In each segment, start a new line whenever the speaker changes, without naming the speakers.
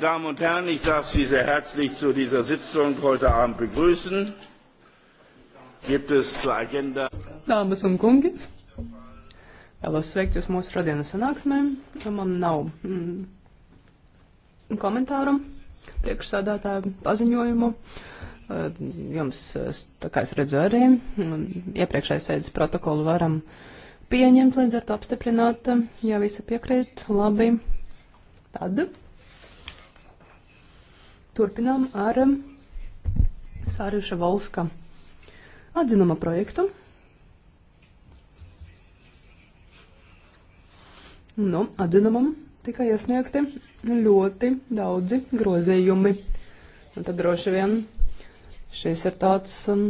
Damen und Herren, ich darf Sie sehr herzlich zu dieser Sitzung heute Abend begrüßen. Gibt es zur Agenda?
Dāmas un kungi, vēlos sveikt jūs mūsu šodienas sanāksmē. Man nav mm, komentāru priekšsādātāju paziņojumu. Jums, tā kā es redzu arī, iepriekšējais sēdes protokolu varam pieņemt, līdz ar to apstiprināt, ja visi piekrīt, labi. Tad Turpinām ar Sāriša Volska atzinuma projektu. Nu, atzinumam tika iesniegti ļoti daudzi grozījumi. Un nu, tad droši vien šis ir tāds um,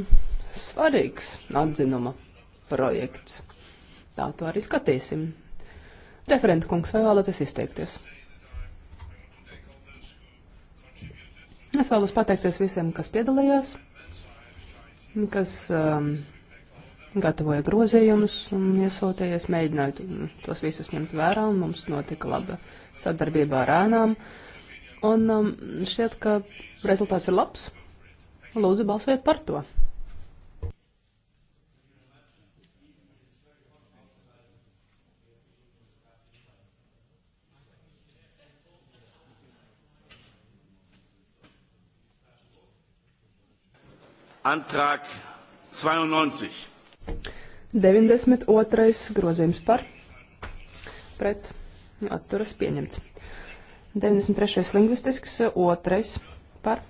svarīgs atzinuma projekts. Tā to arī skatīsim. Referenta kungs, vai vēlaties izteikties? Es vēlos pateikties visiem, kas piedalījās, kas um, gatavoja grozījumus un iesūtījies, mēģināju tos visus ņemt vērā, un mums notika laba sadarbība ar ēnām. Un um, šķiet, ka rezultāts ir labs. Lūdzu, balsojiet par to!
Antrag 92.
92. grozījums par pret atturas pieņemts. 93. lingvistisks, otrais par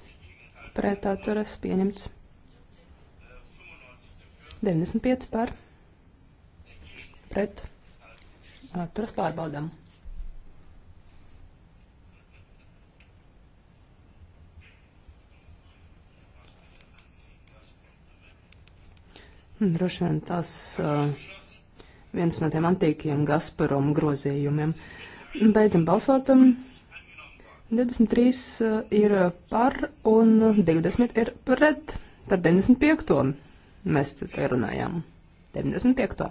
pret atturas pieņemts. 95 par pret atturas pārbaudam. Droši vien tas viens no tiem antīkiem Gazprom grozījumiem. Beidzam balsot. 23 ir par un 20 ir pret. Par 95. mēs te runājām. 95.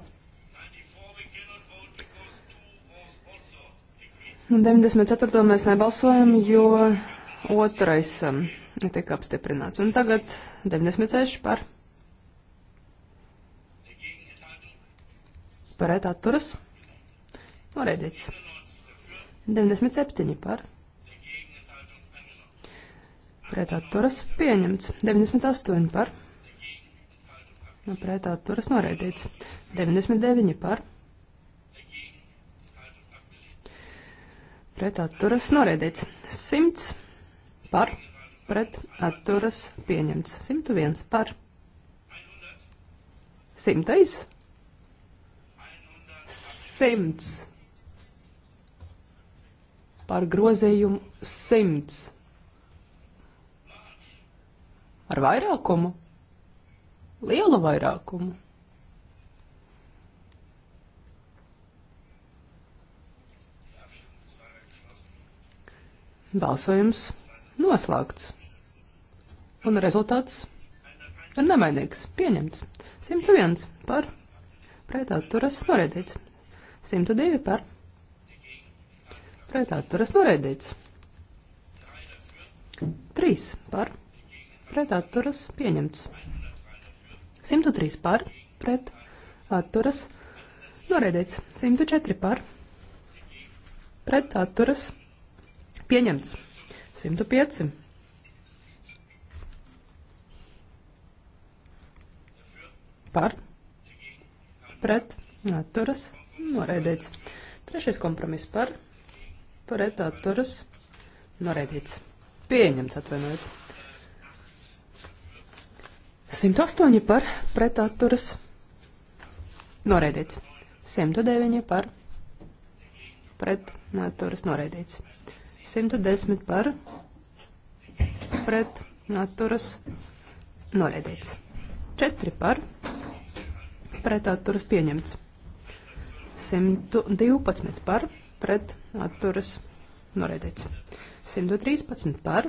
94. mēs nebalsojam, jo otrais tika apstiprināts. Un tagad 96 par pret atturas noraidīts. 97 par pret atturas pieņemts. 98 nu, par pret atturas noraidīts. 99 par pret atturas noraidīts. 100 par pret atturas pieņemts. 101 par 100 simts. Par grozījumu simts. Ar vairākumu? Lielu vairākumu. Balsojums noslēgts. Un rezultāts ir nemainīgs. Pieņemts. 101 par pretā turas norēdīts. 102 par pret atturas noraidīts. 3 par pret atturas pieņemts. 103 par pret atturas noraidīts. 104 par pret atturas pieņemts. 105 par pret atturas pieņemts. Noraidīts. Nu, Trešais kompromiss par, pret atturas. Noraidīts. Nu pieņemts atvainojiet. 108 par pret atturas. Noraidīts. 109 par pret atturas. Noraidīts. Nu 110 par pret atturas. Noraidīts. 4 par pret atturas pieņemts. 112 par pret atturas noraidīts. 113 par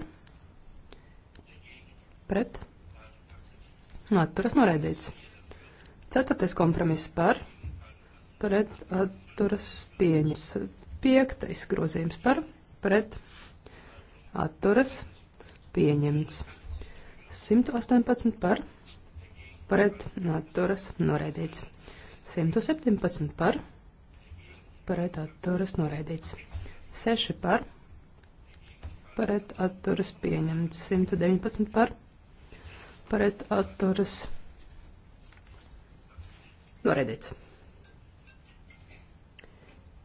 pret atturas noraidīts. Ceturtais kompromiss par pret atturas pieņas. Piektais grozījums par pret atturas pieņemts. 118 par pret atturas noraidīts. 117 par pret pret atturas noraidīts. 6 par, pret atturas pieņemts. 119 par, pret atturas noraidīts.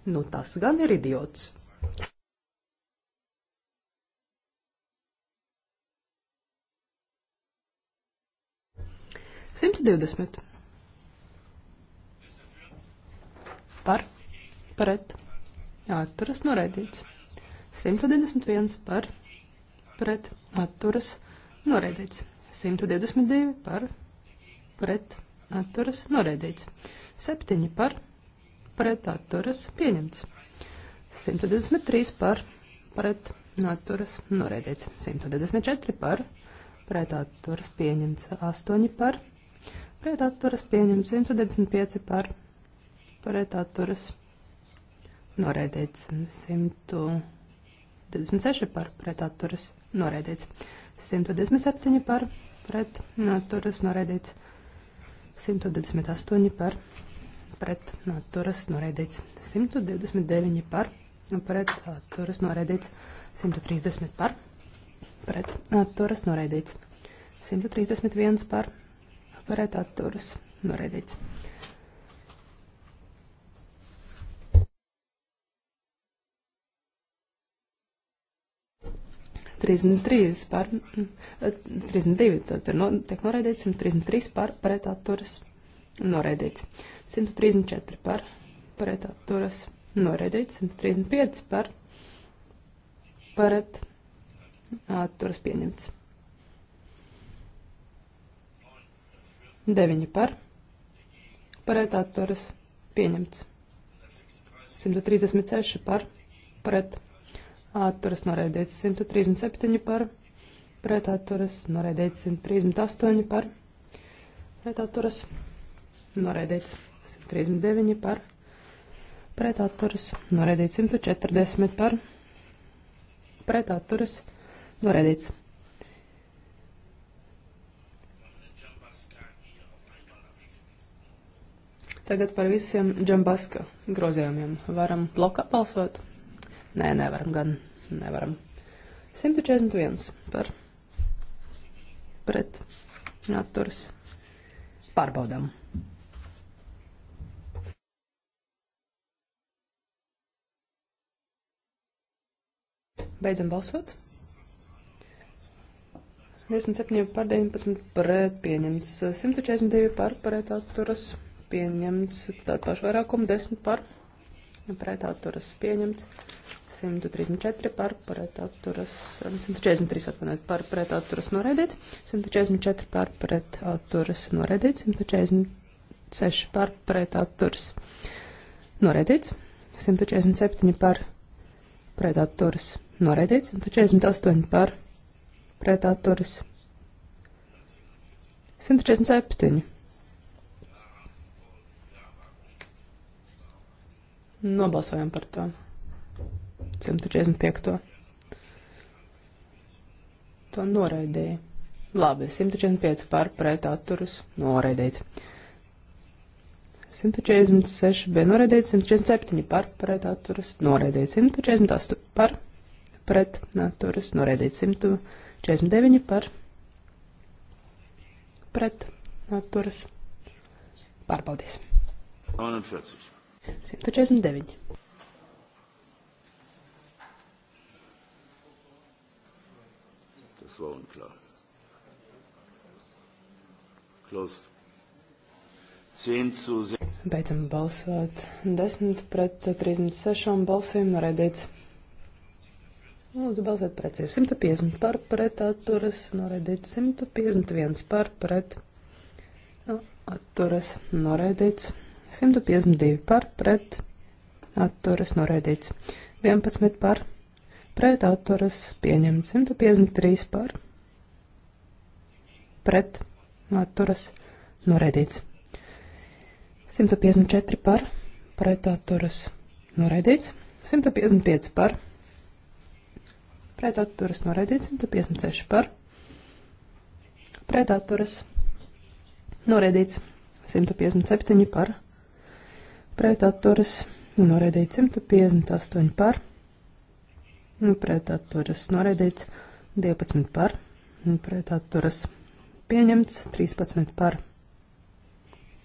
Nu, tas gan ir idiots. Simt divdesmit. Par pret atturas noraidīts. 121 par pret atturas noraidīts. 122 par pret atturas noraidīts. 7 par pret atturas pieņemts. 123 par pret atturas noraidīts. 124 par pret atturas pieņemts. 8 par pret atturas pieņemts. 125 par pret atturas pieņemts noraidīts. Uh, 126 par pret atturas noraidīts. 127 par pret atturas noraidīts. 128 par pret atturas noraidīts. 129 par pret atturas noraidīts. 130 par pret atturas noraidīts. 131 par pret atturas noraidīts. 133 par 32, tad ir no, tiek noraidīts 133 par pretaturas noraidīts. 134 par pretaturas noraidīts, 135 par pretaturas pieņemts. 9 par pretaturas pieņemts. 136 par pretaturas atturas noraidīts 137 par, pret atturas noraidīts 138 par, pret atturas noraidīts 139 par, pret atturas noraidīts 140 par, pret atturas noraidīts. Tagad par visiem džambaska grozījumiem varam blokā balsot. Nē, nevaram gan. Nevaram. 141 par pret atturs. Pārbaudām. Beidzam balsot. 27 par 19 pret pieņemts, 142 par pret atturas pieņemts, tātad pašvairākumu 10 par pret pretatturas pieņemts. 134 par pretatturas, 143 atvainojiet, par pretatturas noraidīts, 144 par pretatturas noraidīts, 146 par pretatturas noraidīts, 147 par pretatturas noraidīts, 148 par pretatturas 147 Nobalsojam nu, par to. 145. To noraidīja. Labi, 145 par pret atturus noraidīts. 146 bija noraidīts, 147 par pret atturus noraidīts, 148 par pret atturus noraidīts, 149 par pret atturus pārbaudīs. 49. 149.
Das war unklar. Closed. 10 zu 6.
Beidzam balsot. 10 pret 36 balsīm noraidīts. Lūdzu, balsot precīzi. 150 par pret atturas, noraidīts 151 par pret atturas, noraidīts 152 par pret atturas noraidīts. 11 par pret atturas pieņemts. 153 par pret atturas noraidīts. 154 par pret atturas noraidīts. 155 par pret atturas noraidīts. 156 par pret atturas noraidīts. 157 par pret atturas noraidīts 158 par, pret atturas noraidīts 12 par, pret atturas pieņemts 13 par,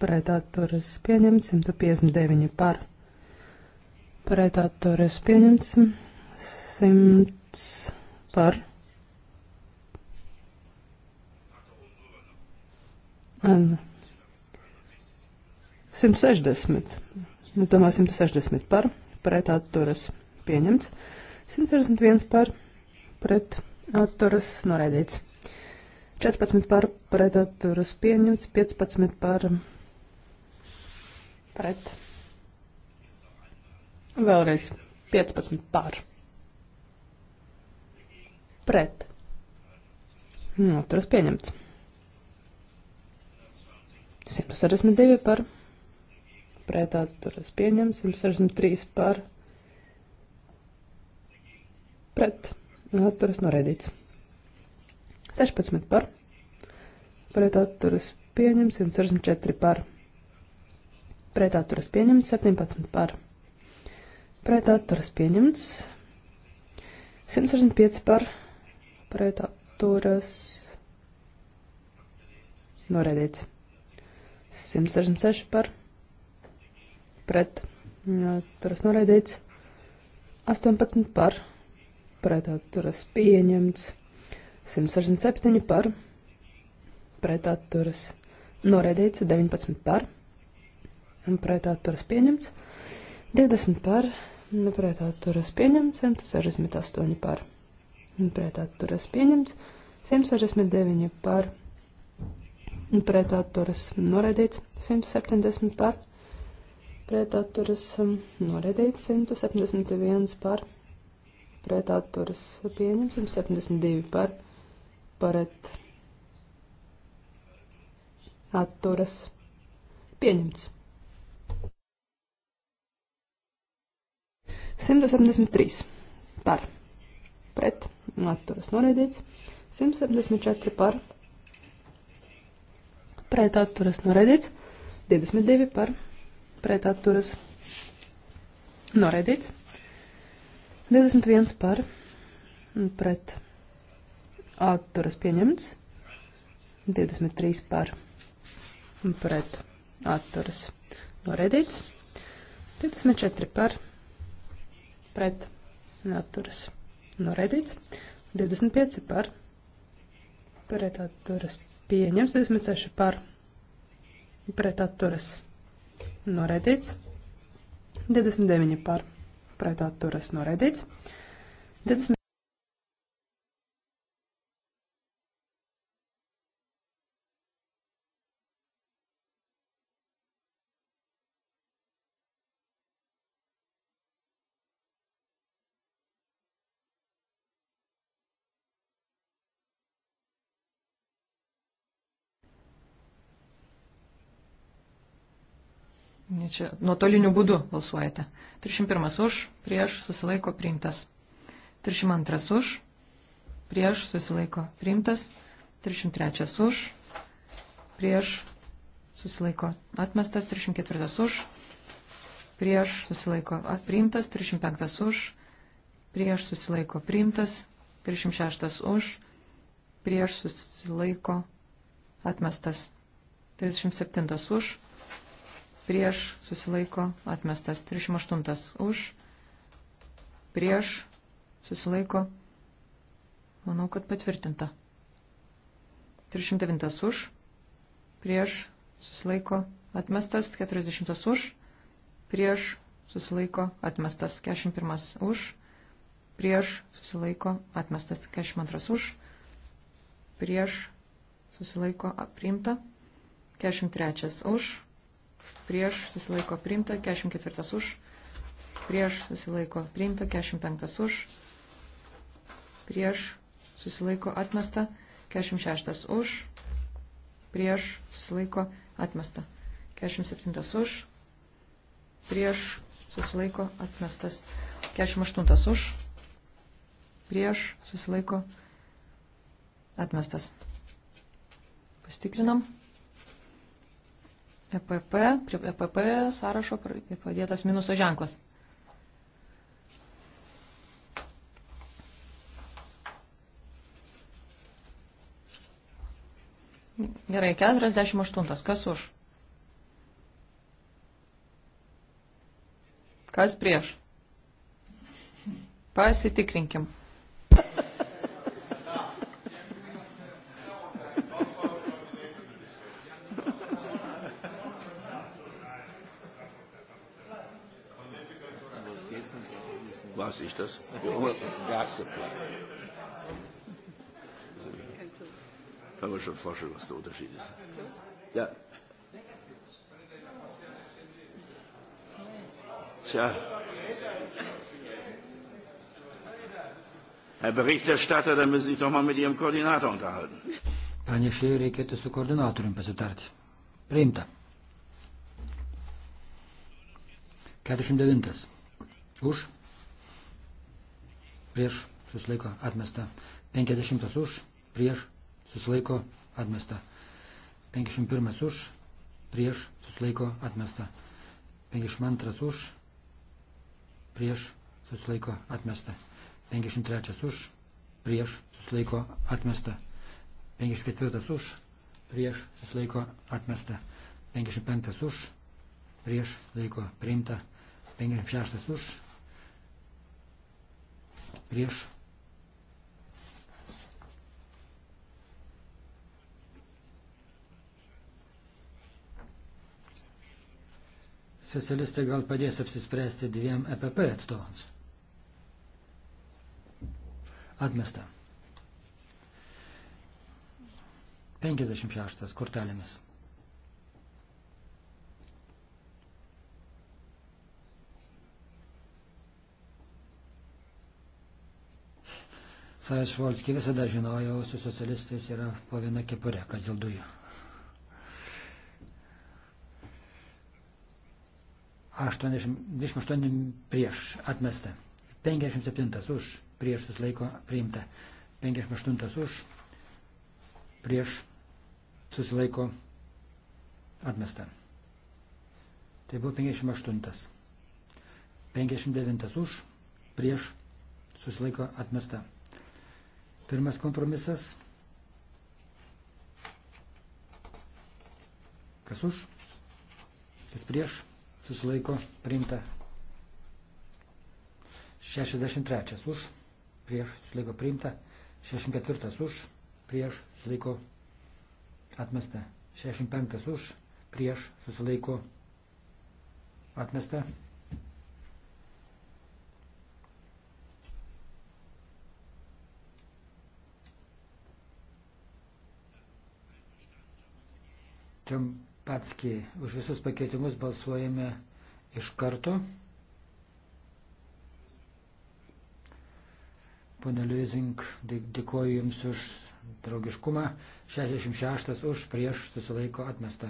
pret atturas pieņemts 159 par, pret atturas pieņemts 100 par. Un nu. 160. Es domāju, 160 par pret atturas pieņemts. 161 par pret atturas noraidīts. 14 par pret atturas pieņemts. 15 par pret. Vēlreiz 15 par pret. Atturas pieņemts. 162 par pret pret atturas pieņems, 163 par pret atturas noraidīts. 16 par pret atturas pieņems, 164 par pret atturas pieņems, 17 par pret atturas pieņemts, 165 par pret atturas noraidīts. 166 par pret turas noraidīts, 18 par pret turas pieņemts, 167 par pret turas noraidīts, 19 par pret turas pieņemts, 20 par pret turas pieņemts, 168 par pret turas pieņemts, 169 par pret atturas noraidīts 170 par, pretatturas ehm, noraidīts 171 par, pretatturas pieņems 172 par, paret atturas pieņemts. 173 par, pret atturas noraidīts, 174 par, pret atturas noraidīts, 22 par, pret pret atturas noraidīts. 21 par pret atturas pieņemts. 23 par pret atturas noraidīts. 24 par pret atturas noraidīts. 25 par pret atturas pieņemts. 26 par pret atturas noraidīts noraidīts. Nu, 29 par pret atturas noraidīts. 20
čia nuotoliniu būdu balsuojate. 301 už, prieš, susilaiko priimtas. 302 už, prieš, susilaiko priimtas. 303 už, prieš, susilaiko atmestas. 304 už, prieš, susilaiko priimtas. 305 už, prieš, susilaiko priimtas. 306 už, prieš, susilaiko atmestas. 37 už, prieš susilaiko atmestas. 38 už, prieš susilaiko, manau, kad patvirtinta. 309 už, prieš susilaiko atmestas, 40 už, prieš susilaiko atmestas, 41 už, prieš susilaiko atmestas, 42 už, prieš susilaiko priimta, 43 už, prieš susilaiko priimta, 44 už, prieš susilaiko priimta, 45 už, prieš susilaiko atmesta, 46 už, prieš susilaiko atmesta, 47 už, prieš susilaiko atmestas, 48 už, prieš susilaiko atmestas. Pastikrinam. EPP, prie EPP sąrašo padėtas minuso ženklas. Gerai, 48. Kas už? Kas prieš? Pasitikrinkim.
weiß ich das? Gas Supply.
Kann man schon vorstellen, was der Unterschied ist. Ja. Tja. Herr Berichterstatter, dann müssen Sie sich doch mal mit Ihrem Koordinator unterhalten.
Pranešėjai reikėtų su koordinatoriumi pasitarti. Priimta. 49. Už prieš susilaiko atmesta. 50 už, prieš susilaiko atmesta. 51 už, prieš susilaiko atmesta. 52 už, prieš susilaiko atmesta. 53 už, prieš susilaiko atmesta. 54 už, prieš susilaiko atmesta. 55 už, prieš laiko priimta. 56 už, prieš. Socialistai gal padės apsispręsti dviem EPP atstovams. Atmesta. 56 kortelėmis. Saišvalski visada žinojau, su socialistais yra po viena kepurė, kas dėl dujų. prieš atmesta, 57 už, prieš susilaiko priimta, 58 už, prieš susilaiko atmesta. Tai buvo 58. 59 už, prieš susilaiko atmesta. Pirmas kompromisas. Kas už, kas prieš, susilaiko priimta. 63 už, prieš, susilaiko priimta. 64 už, prieš, susilaiko atmesta. 65 už, prieš, susilaiko atmesta. Čampatski. Už visus pakeitimus balsuojame iš karto. Pone Liuzink, dėkoju Jums už draugiškumą. 66 už prieš susilaiko atmesta.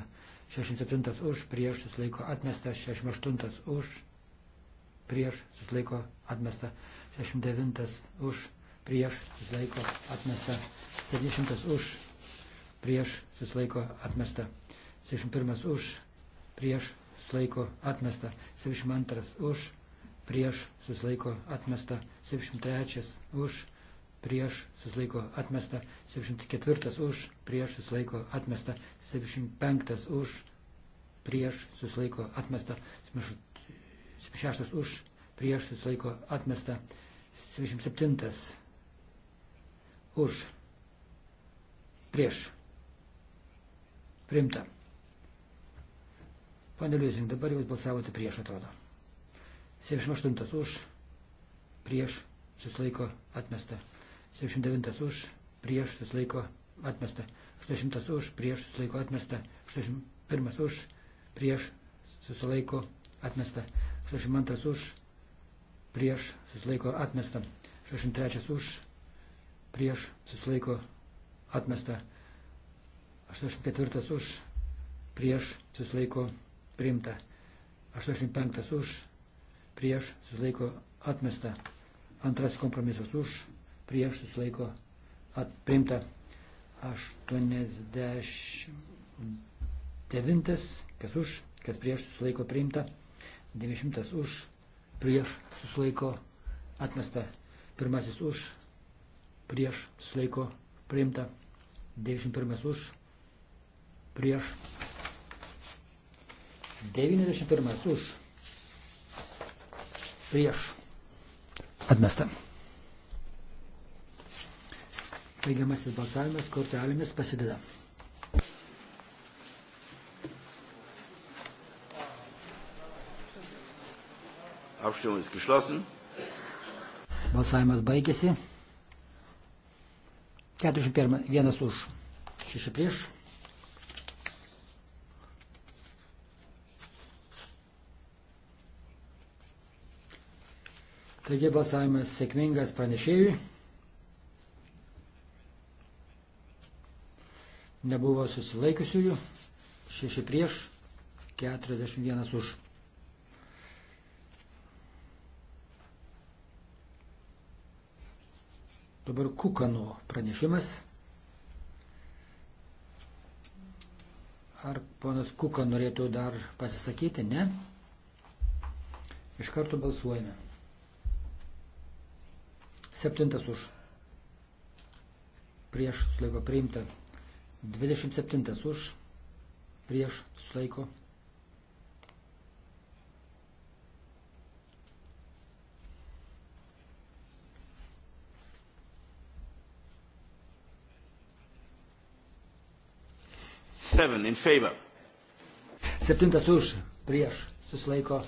67 už prieš susilaiko atmesta. 68 už prieš susilaiko atmesta. 69 už prieš susilaiko atmesta. 70 už prieš susilaiko atmesta. 71 už, prieš susilaiko atmesta, 72 už, prieš susilaiko atmesta, 73 už, prieš susilaiko atmesta, 74 už, prieš susilaiko atmesta, 75 už, prieš susilaiko atmesta, 76 už, prieš susilaiko atmesta, 77 už, prieš primta. Pane Liuzin, dabar jūs balsavote prieš, atrodo. 78 už, prieš, susilaiko atmesta. 79 už, prieš, susilaiko atmesta. 80 už, prieš, susilaiko atmesta. 81 už, prieš, susilaiko atmesta. 82 už, prieš, susilaiko atmesta. 63 už, prieš, susilaiko atmesta. 84 už, prieš, susilaiko atmesta priimta. 85 už, prieš susilaiko atmesta. Antras kompromisas už, prieš susilaiko atprimta. 89, kas už, kas prieš susilaiko priimta. 90 už, prieš susilaiko atmesta. Pirmasis už, prieš susilaiko priimta. 91 už, prieš 91 už. Prieš. Atmesta. Baigiamasis balsavimas kortelėmis pasideda.
Abstimmung ist geschlossen.
Balsavimas baigėsi. 41 už, 6 prieš. Taigi balsavimas sėkmingas pranešėjui. Nebuvo susilaikusiųjų. 6 prieš, 41 už. Dabar Kukano pranešimas. Ar ponas Kuka norėtų dar pasisakyti? Ne. Iš karto balsuojame. Septintas už. Prieš sulaiko priimta. 27 už. Prieš sulaiko.
Seven in favor.
Septintas už, prieš, susilaiko,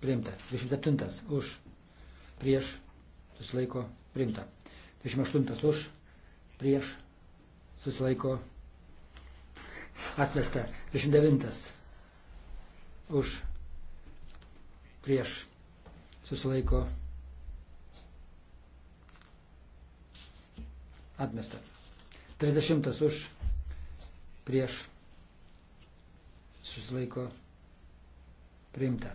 priimta. Dvidešimt septintas už, prieš, susilaiko primta. 28 už, prieš, susilaiko atmesta. 29 už, prieš, susilaiko atmesta. 30 už, prieš, susilaiko primta.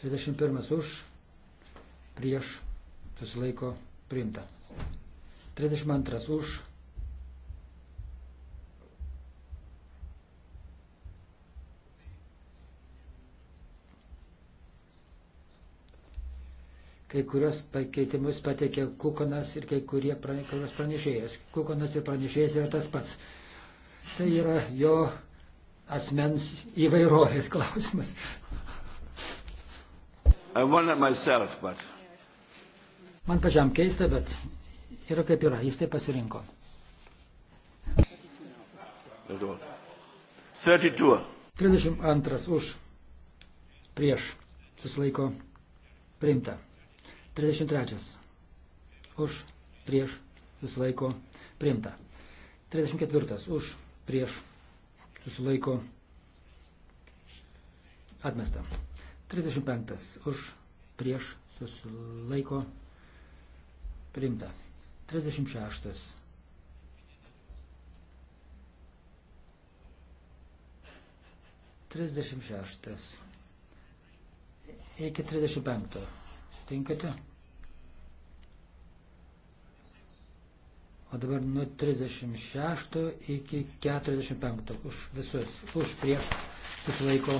31 už, prieš susilaiko priimta. 32 už. Kai kurios pakeitimus pateikė Kukonas ir kai kurie pranešėjas. Kukonas ir pranešėjas yra tas pats. Tai yra jo asmens įvairovės klausimas.
I wonder myself, but.
Man pačiam keista, bet yra kaip yra, jis tai pasirinko. 32. 32 už, prieš, susilaiko, priimta. 33 už, prieš, susilaiko, priimta. 34 už, prieš, susilaiko, atmesta. 35 už, prieš, susilaiko, priimta. Priimta. 36. Trisdešimt šeštas. Iki trisdešimt penkto. Tinkate? O dabar nuo 36 iki 45 už visus, už prieš susilaiko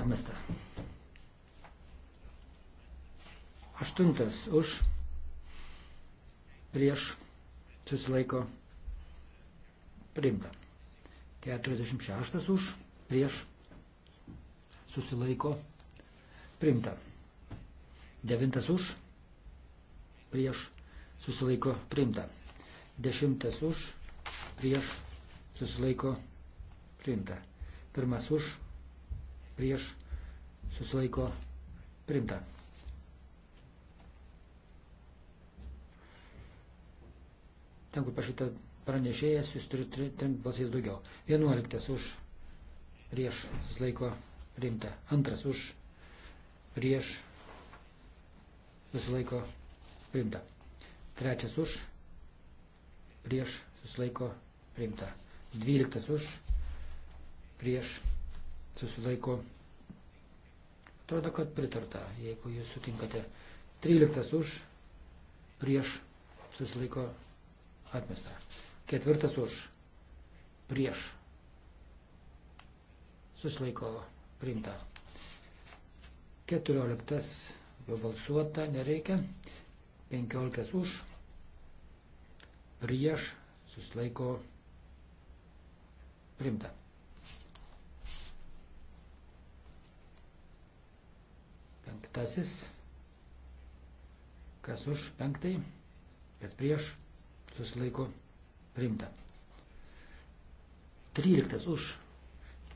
atmestą. Aštuntas už prieš susilaiko priimta. 46 už prieš susilaiko priimta. 9 už prieš susilaiko priimta. 10 už prieš susilaiko priimta. 1 už prieš susilaiko priimta. ten, kur pašita pranešėjas, jūs turite trim balsais daugiau. Vienuoliktas už prieš susilaiko rimta. Antras už prieš susilaiko rimta. Trečias už prieš susilaiko rimta. Dvyliktas už prieš susilaiko. Atrodo, kad pritarta, jeigu jūs sutinkate. Tryliktas už prieš susilaiko atmesta. Ketvirtas už, prieš, susilaiko priimta. Keturioliktas jau balsuota, nereikia. Penkioliktas už, prieš, susilaiko priimta. Penktasis, kas už penktai, kas prieš, susilaiko priimta. 13 už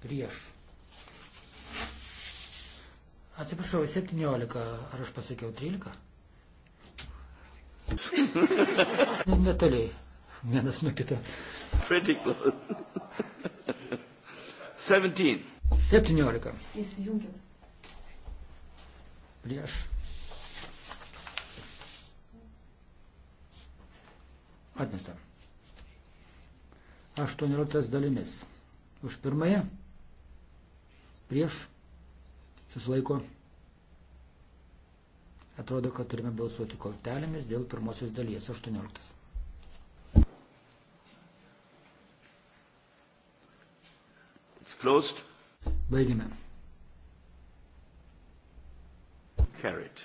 prieš. Atsiprašau, 17, ar aš pasakiau 13? Netoli, vienas nuo kito. Critical. 17. 17.
Įsijunkit.
Prieš. Atmesta. 18 dalimis. Už pirmąją. Prieš. Susilaiko. Atrodo, kad turime balsuoti kortelėmis dėl pirmosios dalies 18.
It's closed. Baigime. Carried.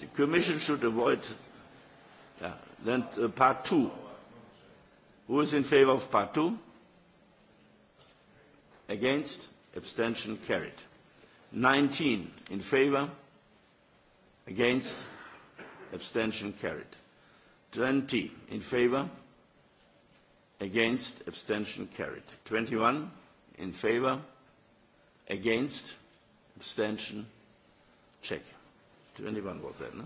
The Commission should avoid Then uh, part two. Who is in favor of part two? Against? Abstention carried. 19 in favor? Against? Abstention carried. 20 in favor? Against? Abstention carried. 21 in favor? Against? Abstention check. 21 was that, no?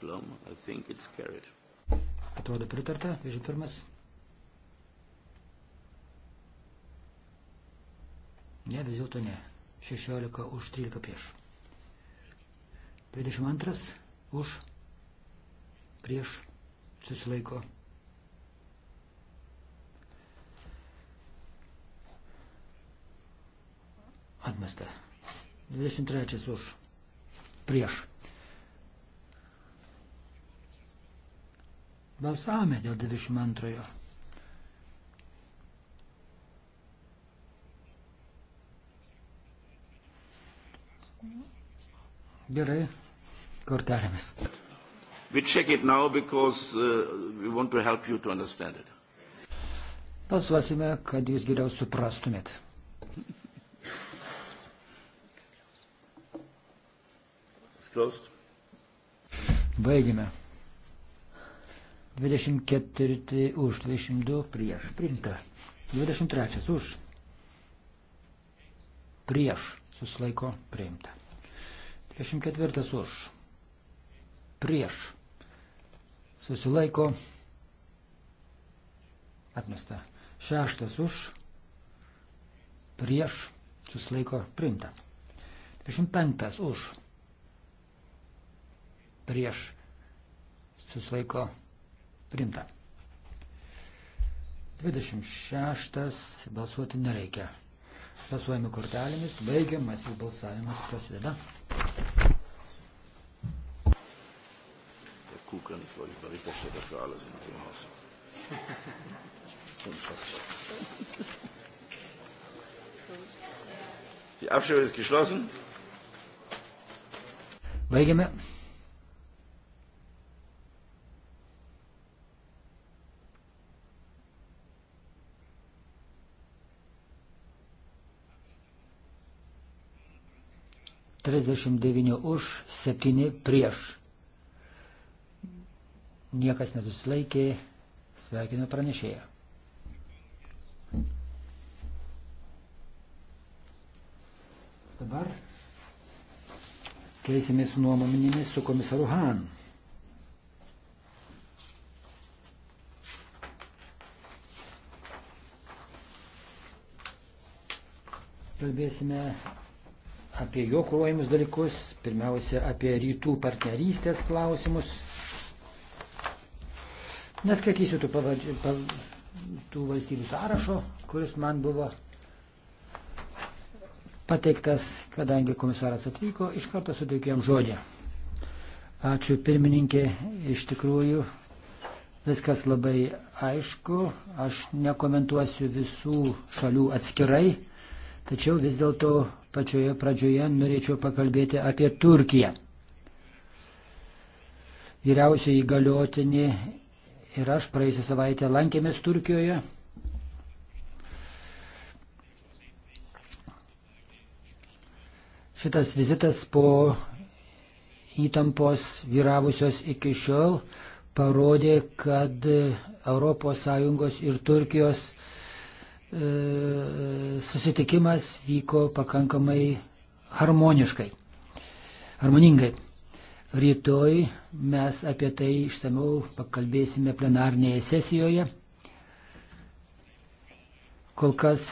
Klum, I think it's carried.
Atrodo pritarta, 21. Ne, vis dėlto ne. 16 už 13 prieš. 22 už prieš susilaiko. Atmesta. 23 už prieš Balsavome dėl 22. Gerai, kortelėmis.
We check it now because uh, we want to help you to understand it.
Balsuosime, kad jūs geriau suprastumėt. It's closed. Baigime. 24 už, 22 prieš. Primta. 23 už. Prieš. Susilaiko. Priimta. 24 už. Prieš. Susilaiko. Atmesta. 6 už. Prieš. Susilaiko. Priimta. 25 už. Prieš. Susilaiko. Primta. 26 balsuoti nereikia. Balsuojami kortelėmis, baigiamas jų balsavimas prasideda.
Der Kuh kann ich, weil ich Berichterstatter für alles in dem Haus. Unfassbar. Die Abstimmung ist geschlossen.
Baigiame. 39 už, 7 prieš. Niekas nesusilaikė, sveikinu pranešėją. Dabar keisimės nuomonėmis su komisaru Han. Kalbėsime apie jo kruojimus dalykus, pirmiausia, apie rytų partnerystės klausimus. Neskaitysiu tų, pavadžių, pav, tų valstybių sąrašo, kuris man buvo pateiktas, kadangi komisaras atvyko, iš karto suteikėm žodį. Ačiū pirmininkė, iš tikrųjų viskas labai aišku, aš nekomentuosiu visų šalių atskirai, tačiau vis dėlto Pačioje pradžioje norėčiau pakalbėti apie Turkiją. Vyriausiai įgaliotinį ir aš praėjusią savaitę lankėmės Turkijoje. Šitas vizitas po įtampos vyravusios iki šiol parodė, kad ES ir Turkijos E, susitikimas vyko pakankamai harmoniškai, harmoningai. Rytoj mes apie tai išsameu pakalbėsime plenarnėje sesijoje. Kol kas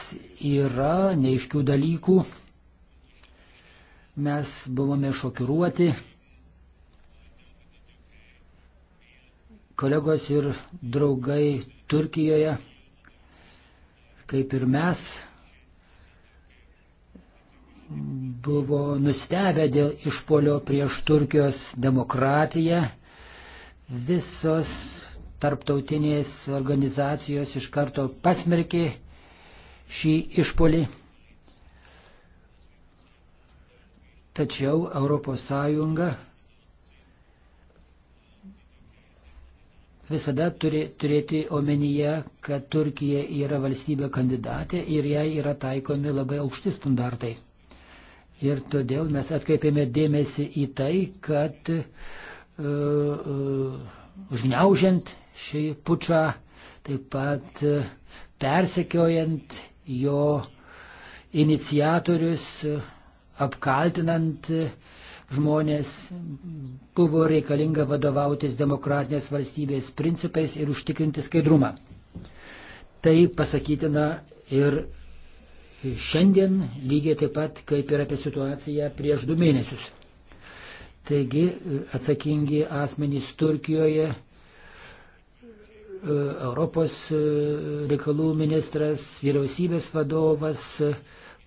yra neiškių dalykų. Mes buvome šokiruoti. Kolegos ir draugai Turkijoje kaip ir mes, buvo nustebę dėl išpolio prieš Turkijos demokratiją. Visos tarptautinės organizacijos iš karto pasmerkė šį išpolį. Tačiau ES visada turi turėti omenyje, kad Turkija yra valstybė kandidatė ir jai yra taikomi labai aukšti standartai. Ir todėl mes atkreipėme dėmesį į tai, kad uh, e, uh, e, užneužiant šį pučą, taip pat uh, persekiojant jo iniciatorius, uh, apkaltinant uh, žmonės buvo reikalinga vadovautis demokratinės valstybės principais ir užtikrinti skaidrumą. Tai pasakytina ir šiandien lygiai taip pat kaip ir apie situaciją prieš du mėnesius. Taigi atsakingi asmenys Turkijoje, Europos reikalų ministras, vyriausybės vadovas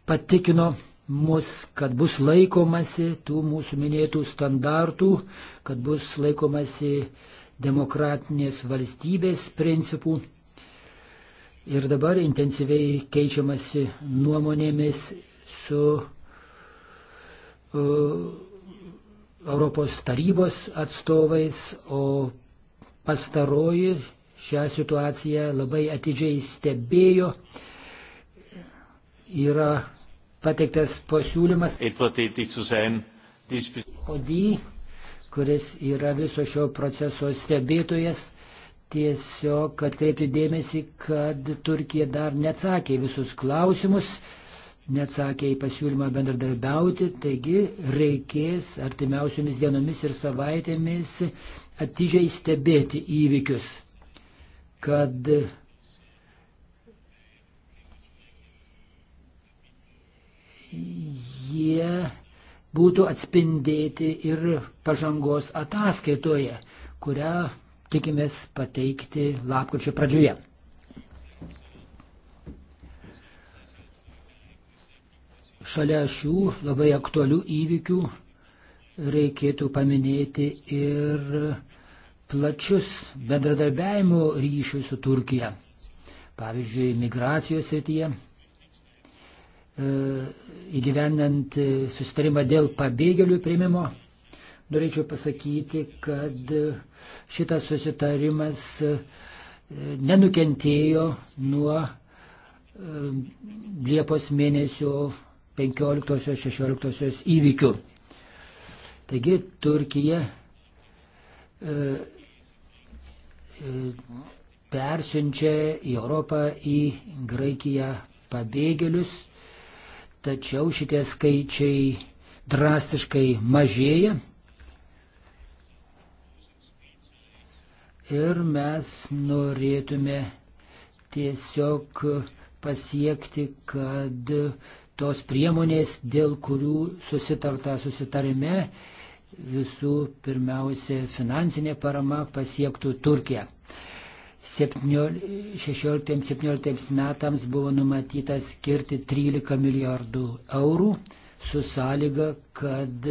patikino mus, kad bus laikomasi tų mūsų minėtų standartų, kad bus laikomasi demokratinės valstybės principų. Ir dabar intensyviai keičiamasi nuomonėmis su uh, Europos tarybos atstovais, o pastaroji šią situaciją labai atidžiai stebėjo. Yra pateiktas
pasiūlymas.
Odį, kuris yra viso šio proceso stebėtojas, tiesiog atkreipti dėmesį, kad Turkija dar neatsakė visus klausimus, neatsakė į pasiūlymą bendradarbiauti, taigi reikės artimiausiomis dienomis ir savaitėmis atidžiai stebėti įvykius, kad jie būtų atspindėti ir pažangos ataskaitoje, kurią tikimės pateikti lapkričio pradžioje. Šalia šių labai aktualių įvykių reikėtų paminėti ir plačius bendradarbiajimo ryšius su Turkija. Pavyzdžiui, migracijos srityje. E, įgyvendant e, susitarimą dėl pabėgėlių priimimo, norėčiau pasakyti, kad šitas susitarimas e, nenukentėjo nuo Liepos mėnesio 15-16 įvykių. Taigi Turkija persiunčia į Europą, į Graikiją pabėgėlius tačiau šitie skaičiai drastiškai mažėja. Ir mes norėtume tiesiog pasiekti, kad tos priemonės, dėl kurių susitarta susitarime, visų pirmiausia finansinė parama pasiektų Turkiją. 16-17 metams buvo numatyta skirti 13 milijardų eurų su sąlyga, kad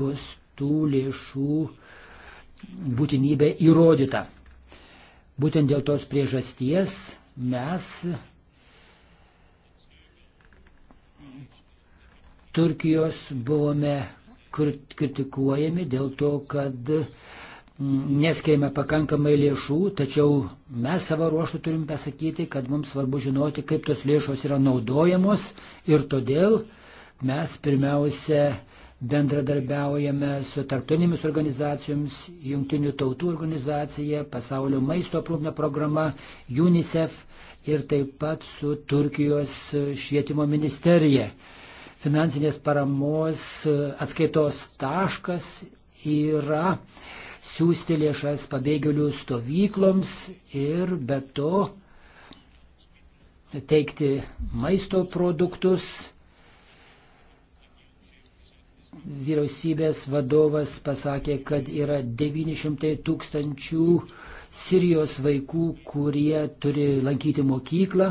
bus tų lėšų būtinybė įrodyta. Būtent dėl tos priežasties mes Turkijos buvome kritikuojami dėl to, kad neskėjame pakankamai lėšų, tačiau mes savo ruoštų turim pasakyti, kad mums svarbu žinoti, kaip tos lėšos yra naudojamos ir todėl mes pirmiausia bendradarbiaujame su tarptautinėmis organizacijomis, Junktinių tautų organizacija, Pasaulio maisto aprūpinė programa, UNICEF ir taip pat su Turkijos švietimo ministerija. Finansinės paramos atskaitos taškas yra uh, siūsti lėšas pabėgėlių stovykloms ir be to teikti maisto produktus. Vyriausybės vadovas pasakė, kad yra 900 tūkstančių Sirijos vaikų, kurie turi lankyti mokyklą.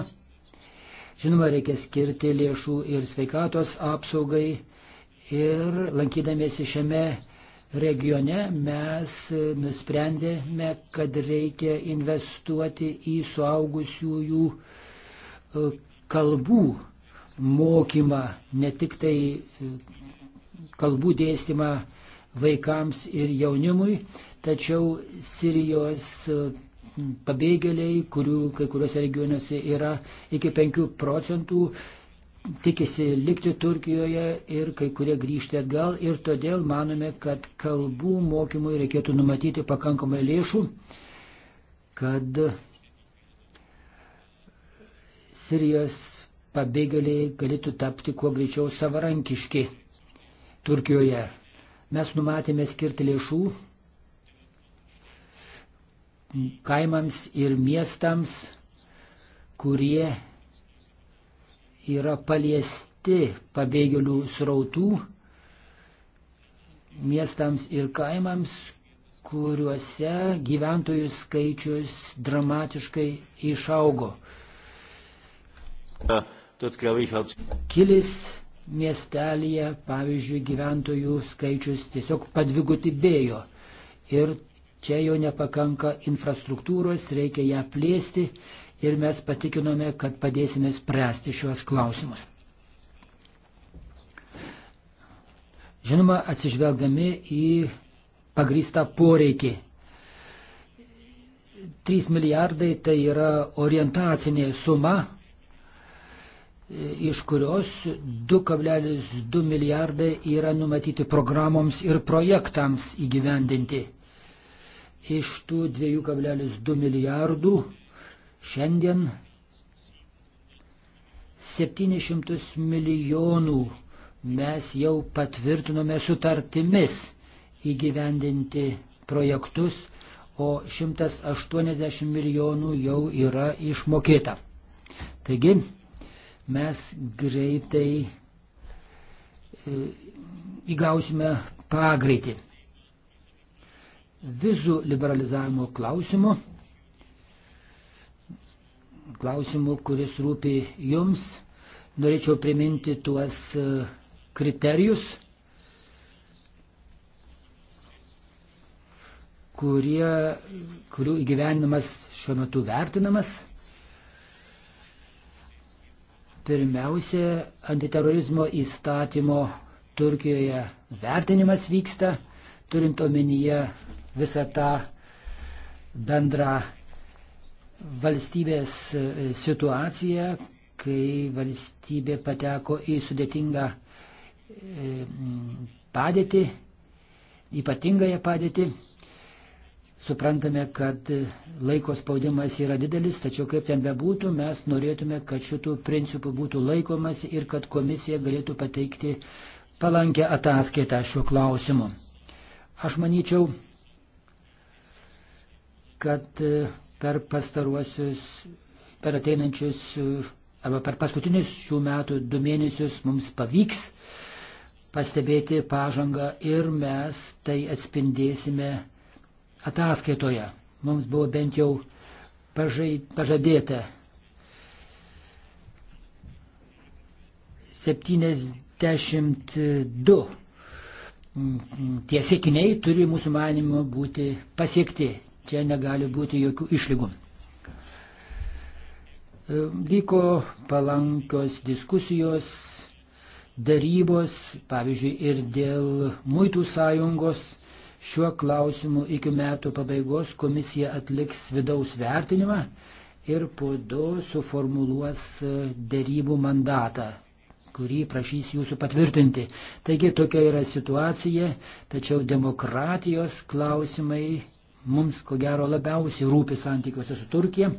Žinoma, reikia skirti lėšų ir sveikatos apsaugai. Ir lankydamėsi šiame regione mes nusprendėme, kad reikia investuoti į suaugusiųjų e, kalbų mokymą, ne tik tai e, kalbų dėstymą vaikams ir jaunimui, tačiau Sirijos e, pabėgėliai, kurių kai kuriuose regionuose yra iki 5 procentų, tikisi likti Turkijoje ir kai kurie grįžti atgal ir todėl manome, kad kalbų mokymui reikėtų numatyti pakankamai lėšų, kad Sirijos pabėgėliai galėtų tapti kuo greičiau savarankiški Turkijoje. Mes numatėme skirti lėšų kaimams ir miestams, kurie yra paliesti pabėgėlių srautų miestams ir kaimams, kuriuose gyventojų skaičius dramatiškai išaugo. Kilis miestelėje, pavyzdžiui, gyventojų skaičius tiesiog padvigutibėjo. Ir čia jau nepakanka infrastruktūros, reikia ją plėsti ir mes patikinome, kad padėsime spręsti šiuos klausimus. Žinoma, atsižvelgdami į pagrįstą poreikį. 3 milijardai tai yra orientacinė suma, iš kurios 2,2 milijardai yra numatyti programoms ir projektams įgyvendinti. Iš tų 2,2 milijardų Šiandien 700 milijonų mes jau patvirtinome sutartimis įgyvendinti projektus, o 180 milijonų jau yra išmokėta. Taigi mes greitai e, įgausime pagreitį. Vizų liberalizavimo klausimu klausimu, kuris rūpi jums. Norėčiau priminti tuos e, kriterijus, kurie, kurių įgyvenimas šiuo metu vertinamas. Pirmiausia, antiterorizmo įstatymo Turkijoje vertinimas vyksta, turint omenyje visą tą bendrą valstybės e, situaciją, kai valstybė pateko į sudėtingą e, padėtį, ypatingąją padėtį. Suprantame, kad laiko spaudimas yra didelis, tačiau kaip ten bebūtų, mes norėtume, kad šitų principų būtų laikomas ir kad komisija galėtų pateikti palankę ataskaitą šiuo klausimu. Aš manyčiau, kad e, per pastaruosius, per ateinančius arba per paskutinius šių metų du mėnesius mums pavyks pastebėti pažangą ir mes tai atspindėsime ataskaitoje. Mums buvo bent jau pažadėta 72 mm, mm, tie siekiniai turi mūsų manimo būti pasiekti. Čia negali būti jokių išlygų. E, vyko palankios diskusijos, darybos, pavyzdžiui, ir dėl muitų sąjungos. Šiuo klausimu iki metų pabaigos komisija atliks vidaus vertinimą ir po du suformuluos e, darybų mandatą, kurį prašys jūsų patvirtinti. Taigi tokia yra situacija, tačiau demokratijos klausimai mums ko gero labiausiai rūpi santykiuose su Turkija.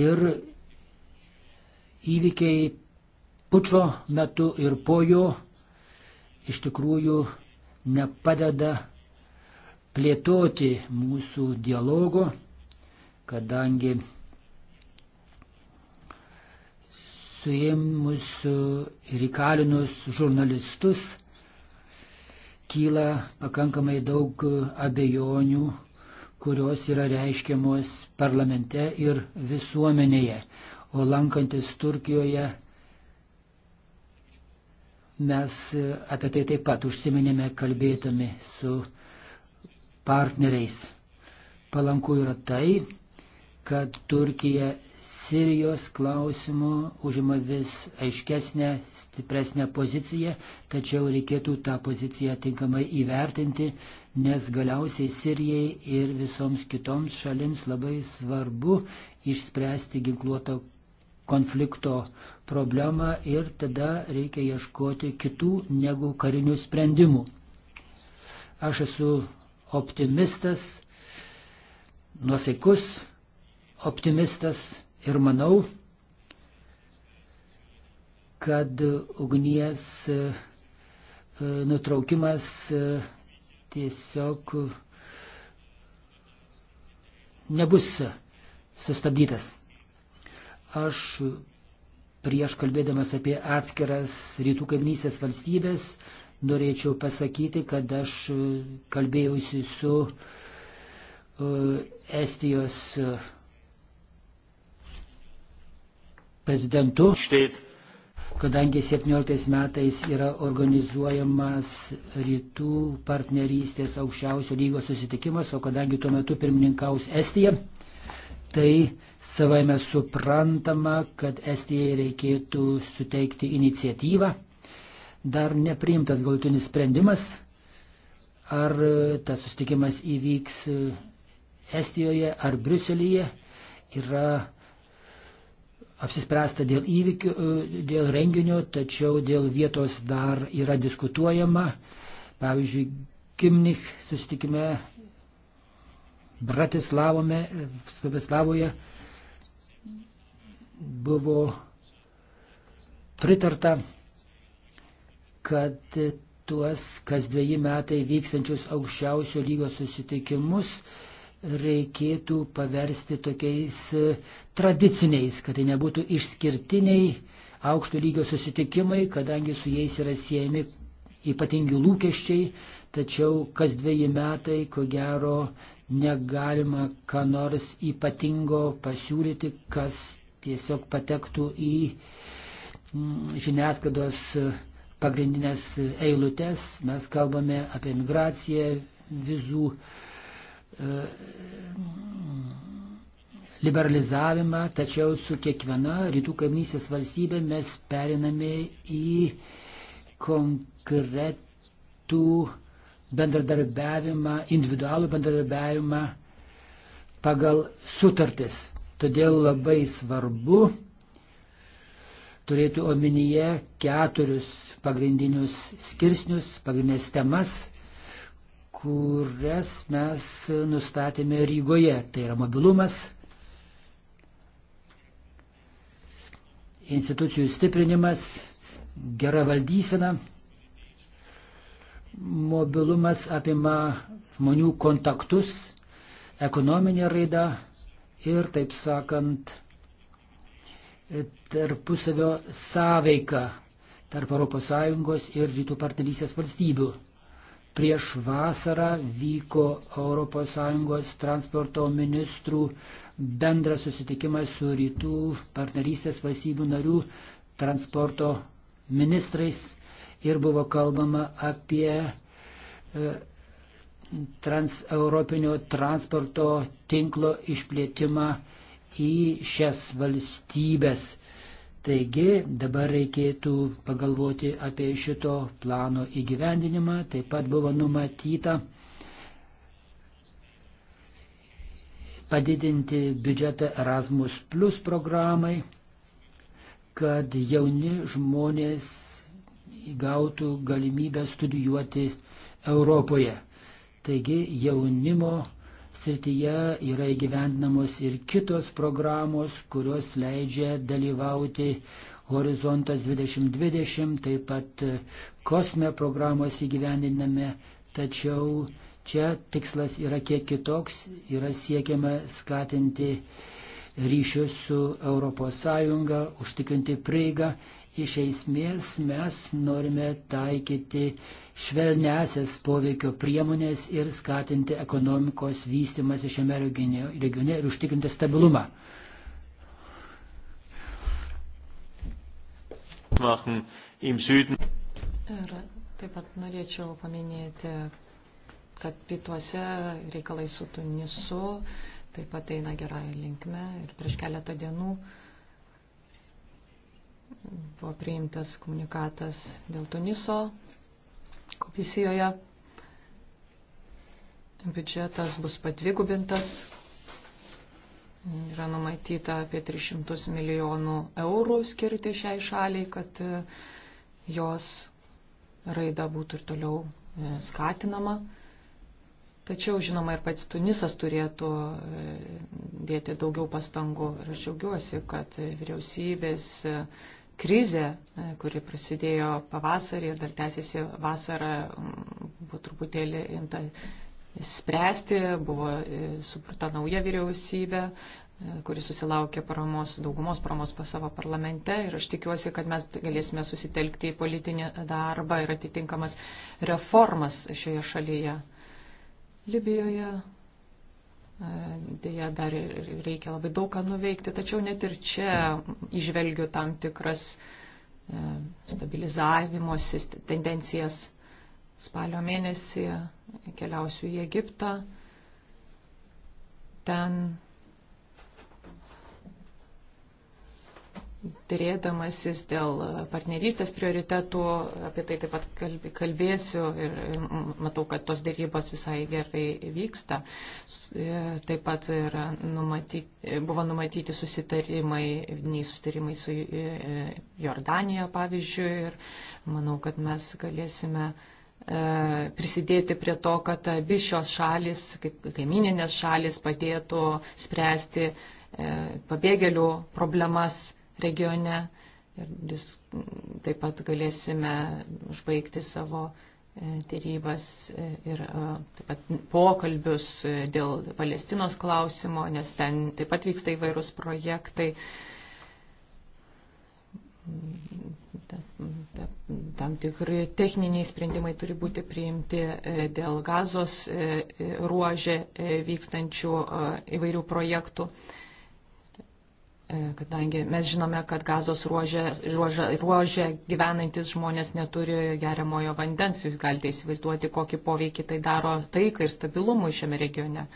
Ir įvykiai pučio metu ir po jo iš tikrųjų nepadeda plėtoti mūsų dialogo, kadangi suėmus ir įkalinus žurnalistus kyla pakankamai daug abejonių, kurios yra reiškiamos parlamente ir visuomenėje. O lankantis Turkijoje mes apie tai taip pat užsiminėme kalbėtami su partneriais. Palanku yra tai, kad Turkija Sirijos klausimu užima vis aiškesnę, stipresnę poziciją, tačiau reikėtų tą poziciją tinkamai įvertinti, nes galiausiai Sirijai ir visoms kitoms šalims labai svarbu išspręsti ginkluoto konflikto problemą ir tada reikia ieškoti kitų negu karinių sprendimų. Aš esu optimistas, nuosaikus optimistas Ir manau, kad ugnies e, nutraukimas e, tiesiog nebus sustabdytas. Aš prieš kalbėdamas apie atskiras rytų kaimynysės valstybės norėčiau pasakyti, kad aš kalbėjausi su e, Estijos prezidentu, kadangi 17 metais yra organizuojamas rytų partnerystės aukščiausio lygo susitikimas, o kadangi tuo metu pirmininkaus Estija, tai savai mes suprantama, kad Estijai reikėtų suteikti iniciatyvą. Dar nepriimtas galtinis sprendimas, ar tas susitikimas įvyks Estijoje ar Briuselyje. Yra apsispręsta dėl įvykių, e, dėl renginio, tačiau dėl vietos dar yra diskutuojama. Pavyzdžiui, Kimnich susitikime Bratislavome, e, Svabislavoje buvo pritarta, kad tuos kas dviejį metai vykstančius aukščiausio lygio susitikimus uh, reikėtų paversti tokiais e, tradiciniais, kad tai nebūtų išskirtiniai aukšto lygio susitikimai, kadangi su jais yra siejami ypatingi lūkesčiai, tačiau kas dviejį metai, ko gero, negalima ką nors ypatingo pasiūlyti, kas tiesiog patektų į mm, žiniasklaidos pagrindinės eilutes. Mes kalbame apie migraciją, vizų liberalizavimą, tačiau su kiekviena rytų kaimynysės valstybė mes periname į konkretų bendradarbiavimą, individualų bendradarbiavimą pagal sutartis. Todėl labai svarbu turėti omenyje keturius pagrindinius skirsnius, pagrindinės temas kurias mes nustatėme Rygoje. Tai yra mobilumas, institucijų stiprinimas, gera valdysena. Mobilumas apima žmonių kontaktus, ekonominė raida ir, taip sakant, tarpusavio sąveika tarp ES ir rytų partnerystės valstybių. Prieš vasarą vyko ES transporto ministrų bendras susitikimas su rytų partnerystės valstybių narių transporto ministrais ir buvo kalbama apie e, transeuropinio transporto tinklo išplėtimą į šias valstybės. Taigi dabar reikėtų pagalvoti apie šito plano įgyvendinimą. Taip pat buvo numatyta padidinti biudžetą Erasmus Plus programai, kad jauni žmonės gautų galimybę studijuoti Europoje. Taigi jaunimo srityje yra įgyvendinamos ir kitos programos, kurios leidžia dalyvauti Horizontas 2020, taip pat e, kosme programos įgyvendiname, tačiau čia tikslas yra kiek kitoks, yra siekiama skatinti ryšius su ES, užtikrinti prieigą. Iš esmės mes norime taikyti švelnesias poveikio priemonės ir skatinti ekonomikos vystimasi šiame regione ir užtikrinti stabilumą.
Ir
taip pat norėčiau paminėti, kad pietuose reikalai su Tunisu taip pat eina gerąją linkmę ir prieš keletą dienų buvo priimtas komunikatas dėl Tuniso komisijoje. Biudžetas bus patvigubintas. Yra numatyta apie 300 milijonų eurų skirti šiai šaliai, kad e, jos raida būtų ir toliau e, skatinama. Tačiau, žinoma, ir pats Tunisas turėtų e, dėti daugiau pastangų. Ir aš džiaugiuosi, kad vyriausybės krizė, e, kuri prasidėjo pavasarį ir dar tęsiasi vasarą, buvo truputėlį imta spręsti, buvo e, sukurta nauja vyriausybė, e, kuris susilaukė paramos, daugumos paramos pas savo parlamente ir aš tikiuosi, kad mes galėsime susitelkti į politinį darbą ir atitinkamas reformas šioje šalyje. Libijoje Deja, dar reikia labai daug ką nuveikti, tačiau net ir čia išvelgiu tam tikras e, stabilizavimosi tendencijas. Spalio mėnesį keliausiu į Egiptą. Ten dėrėdamasis dėl partnerystės prioritetų, apie tai taip pat kalbėsiu ir matau, kad tos dėrybos visai gerai vyksta. E, taip pat numatyti, buvo numatyti susitarimai, nei susitarimai su e, e, Jordanija, pavyzdžiui, ir manau, kad mes galėsime prisidėti prie to, kad abi šios šalis, kaip kaimininės šalis, padėtų spręsti pabėgėlių problemas regione ir dis, taip pat galėsime užbaigti savo e, dėrybas e, ir e, taip pat pokalbius dėl Palestinos klausimo, nes ten taip pat vyksta įvairūs projektai. Tam tikri techniniai sprendimai turi būti priimti dėl gazos ruožė vykstančių įvairių projektų. E, kadangi mes žinome, kad gazos ruožė, ruožė, ruožė gyvenantis žmonės neturi geriamojo vandens, jūs galite įsivaizduoti, kokį poveikį tai daro taikai ir stabilumui šiame regione.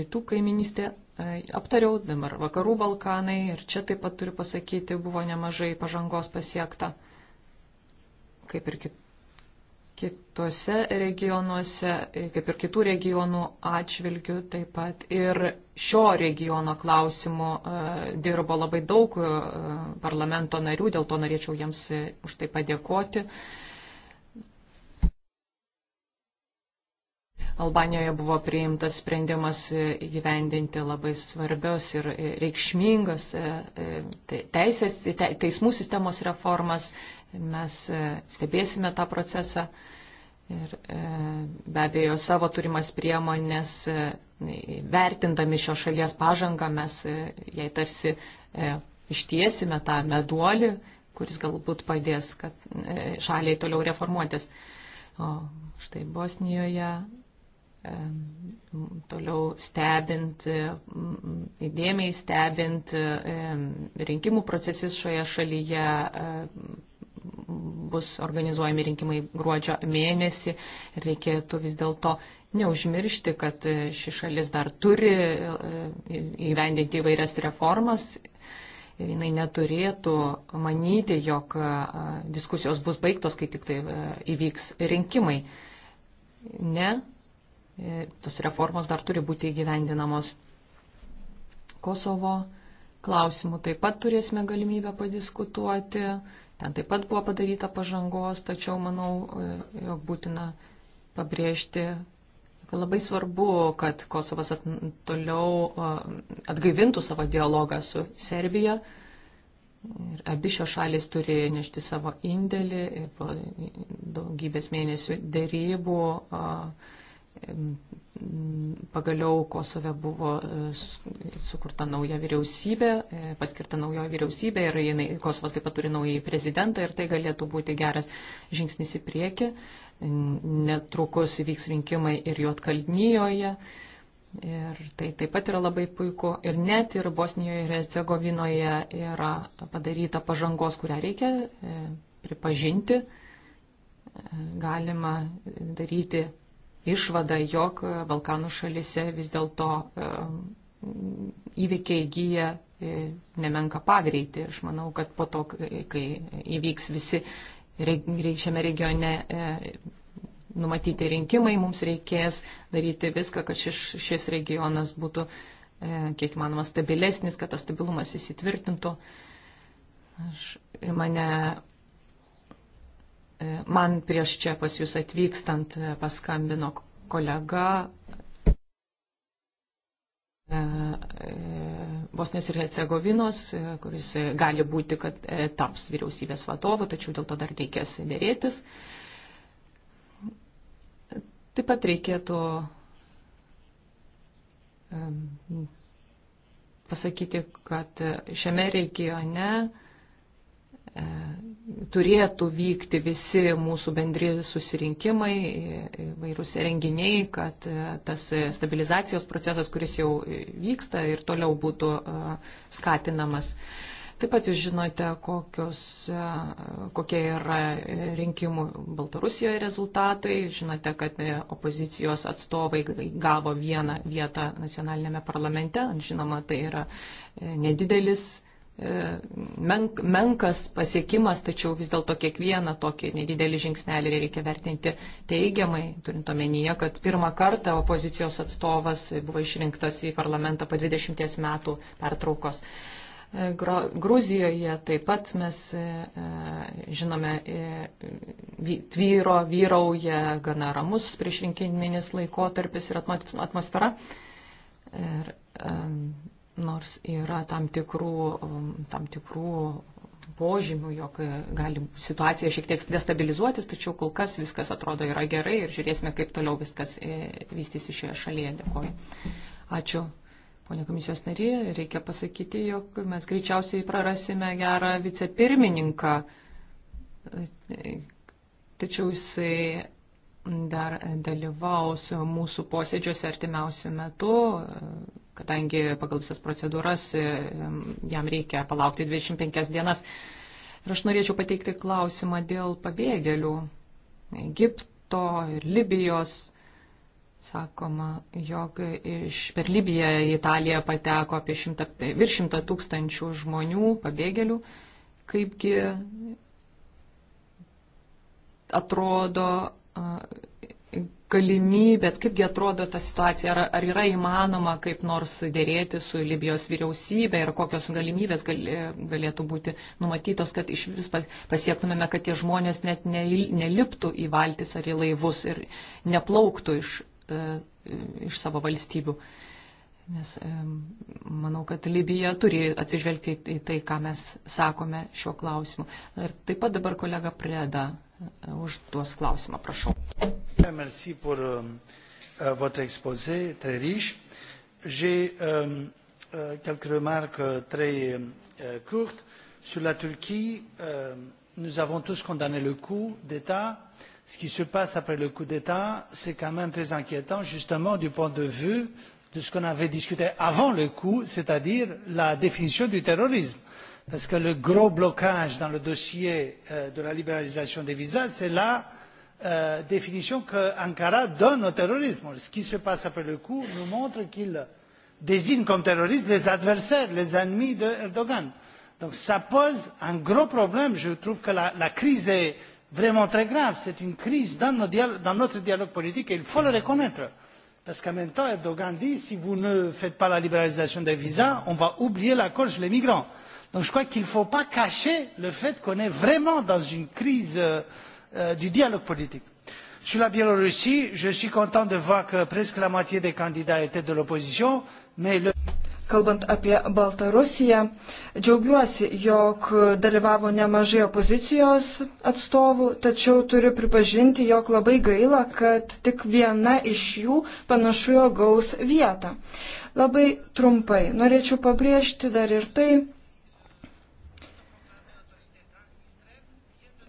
Rytų kaiminystė e, aptariau, dabar vakarų Balkanai ir čia taip pat turiu pasakyti, buvo nemažai pažangos pasiekta, kaip ir kit, kitose regionuose, kaip ir kitų regionų atžvilgių taip pat. Ir šio regiono klausimų e, dirbo labai daug e, parlamento narių, dėl to norėčiau jiems e, už tai padėkoti. Albanijoje buvo priimtas sprendimas įgyvendinti labai svarbios ir reikšmingas teisės, teismų sistemos reformas Mes e, stebėsime tą procesą ir e, be abejo savo turimas priemonės, e, vertindami šios šalies pažangą, mes jai tarsi ištiesime tą meduolį, kuris galbūt padės kad šaliai toliau reformuotis. O štai Bosnijoje toliau stebint, įdėmiai stebint rinkimų procesis šioje šalyje, bus organizuojami rinkimai gruodžio mėnesį. Reikėtų vis dėlto neužmiršti, kad e, ši šalis dar turi e, įvendinti įvairias reformas. Ir jinai neturėtų manyti, jog e, diskusijos bus baigtos, kai tik tai įvyks rinkimai. Ne, tos reformos dar turi būti įgyvendinamos. Kosovo klausimų taip pat turėsime galimybę padiskutuoti. Ten taip pat buvo padaryta pažangos, tačiau manau, e, jog būtina pabrėžti, kad labai svarbu, kad Kosovas at, toliau e, atgaivintų savo dialogą su Serbija. Ir abi šios šalis turi nešti savo indėlį ir po daugybės mėnesių dėrybų. Uh, Pagaliau Kosove buvo e, sukurta nauja vyriausybė, e, paskirta nauja vyriausybė ir jinai, Kosovas taip pat turi naują prezidentą ir tai galėtų būti geras žingsnis į priekį. Netrukus įvyks rinkimai ir Jotkalnyjoje. Ir tai taip pat yra labai puiku. Ir net ir Bosnijoje ir Hercegovinoje yra padaryta pažangos, kurią reikia e, pripažinti. Galima daryti išvada, jog e, Balkanų šalise vis dėlto e, įvykiai įgyja e, nemenka pagreitį. Aš manau, kad po to, kai įvyks visi šiame regione numatyti rinkimai, mums reikės daryti viską, kad šis, šis regionas būtų kiek manoma stabilesnis, kad tas stabilumas įsitvirtintų. Aš, mane Man prieš čia pas jūs atvykstant paskambino kolega e, Bosnijos ir Hercegovinos, kuris gali būti, kad e, taps vyriausybės vadovu, tačiau dėl to dar reikės dėrėtis. Taip pat reikėtų pasakyti, kad šiame regione e, turėtų vykti visi mūsų bendri susirinkimai, vairūs renginiai, kad e, tas stabilizacijos procesas, kuris jau e, vyksta ir toliau būtų e, skatinamas. Taip pat jūs žinote, kokios, kokie yra rinkimų Baltarusijoje rezultatai. Žinote, kad opozicijos atstovai gavo vieną vietą nacionalinėme parlamente. Žinoma, tai yra nedidelis E, menk, menkas pasiekimas, tačiau vis dėlto kiekvieną tokį nedidelį žingsnelį reikia vertinti teigiamai, turint omenyje, kad pirmą kartą opozicijos atstovas buvo išrinktas į parlamentą po 20 metų pertraukos. E, Gruzijoje taip pat mes e, žinome, tvyro, vyrauja gana ramus priešrinkiminis laikotarpis ir atmosfera. Ir nors yra tam tikrų, um, tam tikrų požymių, jog e, gali situacija šiek tiek destabilizuotis, tačiau kol kas viskas atrodo yra gerai ir žiūrėsime, kaip toliau viskas e, vystysi šioje šalyje. Dėkoju. Ačiū. Pone komisijos narė, reikia pasakyti, jog mes greičiausiai prarasime gerą vicepirmininką, e, tačiau jisai dar dalyvaus mūsų posėdžiuose artimiausių metų, kadangi pagal visas procedūras e, jam reikia palaukti 25 dienas. Ir aš norėčiau pateikti klausimą dėl pabėgėlių Egipto ir Libijos. Sakoma, jog iš per Libiją į Italiją pateko apie šimta, virš šimta tūkstančių žmonių, pabėgėlių. Kaipgi atrodo galimybės, kaipgi atrodo ta situacija, ar, ar yra įmanoma kaip nors dėrėti su Libijos vyriausybė ir kokios galimybės gal, galėtų būti numatytos, kad iš vis pasiektumėme, kad tie žmonės net ne, neliptų į valtis ar į laivus ir neplauktų iš, e, iš savo valstybių. Nes e, manau, kad Libija turi atsižvelgti į tai, ką mes sakome šiuo klausimu. Ir taip pat dabar kolega Preda e, už tuos klausimą, prašau.
Merci pour euh, euh, votre exposé très riche. J'ai euh, euh quelques remarques euh, très euh, courtes. Sur la Turquie, euh, nous avons tous condamné le coup d'État. Ce qui se passe après le coup d'État, c'est quand même très inquiétant, justement du point de vue de ce qu'on avait discuté avant le coup, c'est-à-dire la définition du terrorisme. Parce que le gros blocage dans le dossier euh, de la libéralisation des visas, c'est là euh, euh, définition qu'Ankara donne au terrorisme. Ce qui se passe après le coup nous montre qu'il désigne comme terroristes les adversaires, les ennemis d'Erdogan. Donc ça pose un gros problème. Je trouve que la, la crise est vraiment très grave. C'est une crise dans, nos dialogues, dans notre dialogue politique et il faut le reconnaître. Parce qu'en même temps, Erdogan dit si vous ne faites pas la libéralisation des visas, on va oublier l'accord sur les migrants. Donc je crois qu'il ne faut pas cacher le fait qu'on est vraiment dans une crise euh, euh, du dialogue politique. Sur la Biélorussie, je suis content de voir que presque la moitié des candidats étaient de l'opposition, mais le kalbant apie Baltarusiją, džiaugiuosi, jog dalyvavo
nemažai opozicijos atstovų, tačiau turiu pripažinti, jog labai gaila, kad tik viena iš jų panašu jo gaus vietą. Labai trumpai norėčiau pabrėžti dar ir tai,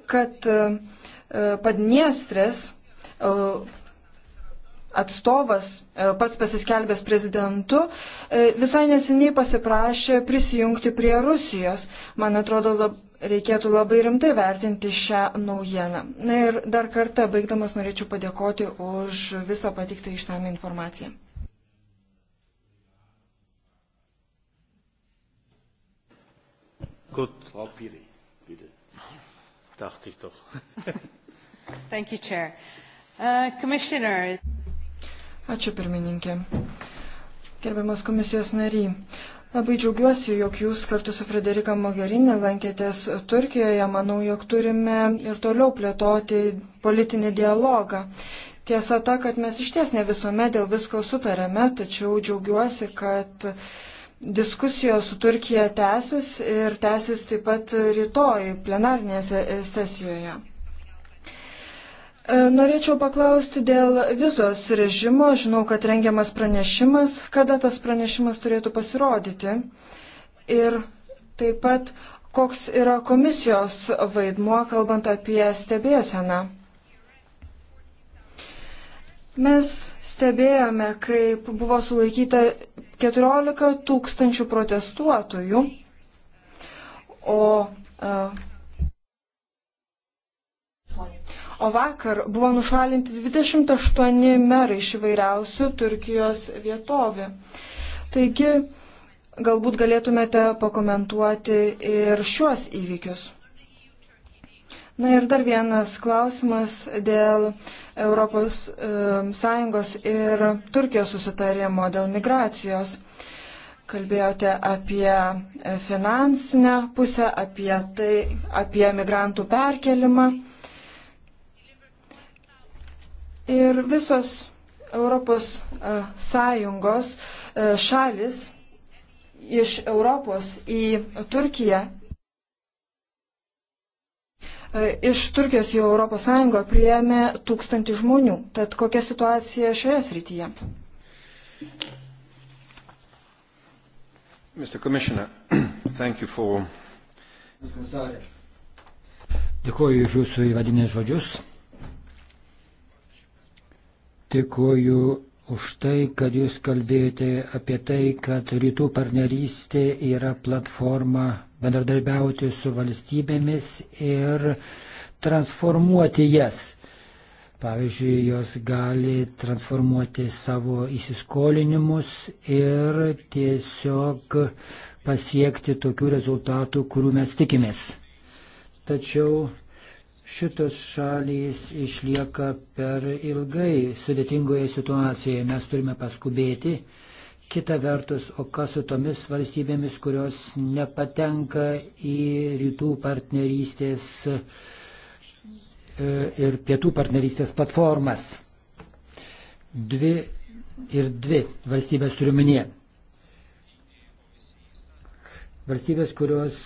kad uh, Padniestrės e, atstovas, e, pats pasiskelbęs prezidentu, e, visai neseniai pasiprašė prisijungti prie Rusijos. Man atrodo, lab, reikėtų labai rimtai vertinti šią naujieną. Na ir dar kartą, baigdamas, norėčiau padėkoti už visą patiktą išsame informaciją.
Gut, Frau Piri, bitte. Dachte ich doch.
Thank you, Chair. Uh, Commissioner. Ačiū pirmininkė. Gerbiamas komisijos nary, labai džiaugiuosi, jog jūs kartu su Frederika Mogherini lankėtės Turkijoje. Manau, jog turime ir toliau plėtoti politinį dialogą. Tiesa ta, kad mes iš ties ne visuomet dėl visko sutarėme, tačiau džiaugiuosi, kad diskusijos su Turkija tęsis ir tęsis taip pat rytoj plenarnėse sesijoje. E, norėčiau paklausti dėl vizos režimo. Žinau, kad rengiamas pranešimas, kada tas pranešimas turėtų pasirodyti. Ir taip pat, koks yra komisijos vaidmuo, kalbant apie stebėseną. Mes stebėjome, kaip buvo sulaikyta 14 tūkstančių protestuotojų, o e, O vakar buvo nušalinti 28 merai iš įvairiausių Turkijos vietovių. Taigi, galbūt galėtumėte pakomentuoti ir šiuos įvykius. Na ir dar vienas klausimas dėl ES ir Turkijos susitarimo dėl migracijos. Kalbėjote apie finansinę pusę, apie, tai, apie migrantų perkelimą. Ir visos Europos e, Sąjungos e, šalis iš Europos į Turkiją, e, iš Turkijos į Europos Sąjungą priėmė tūkstantį žmonių. Tad kokia situacija šioje srityje?
Mr. Commissioner, thank you for.
Dėkuoju už jūsų įvadinės žodžius. Dėkuoju už tai, kad jūs kalbėjote apie tai, kad rytų partnerystė yra platforma bendradarbiauti su valstybėmis ir transformuoti jas. Pavyzdžiui, jos gali transformuoti savo įsiskolinimus ir tiesiog pasiekti tokių rezultatų, kurių mes tikimės. Tačiau šitos šalys išlieka per ilgai sudėtingoje situacijoje. Mes turime paskubėti. Kita vertus, o kas su tomis valstybėmis, kurios nepatenka į rytų partnerystės e, ir pietų partnerystės platformas? Dvi ir dvi valstybės turiu minėti valstybės, kurios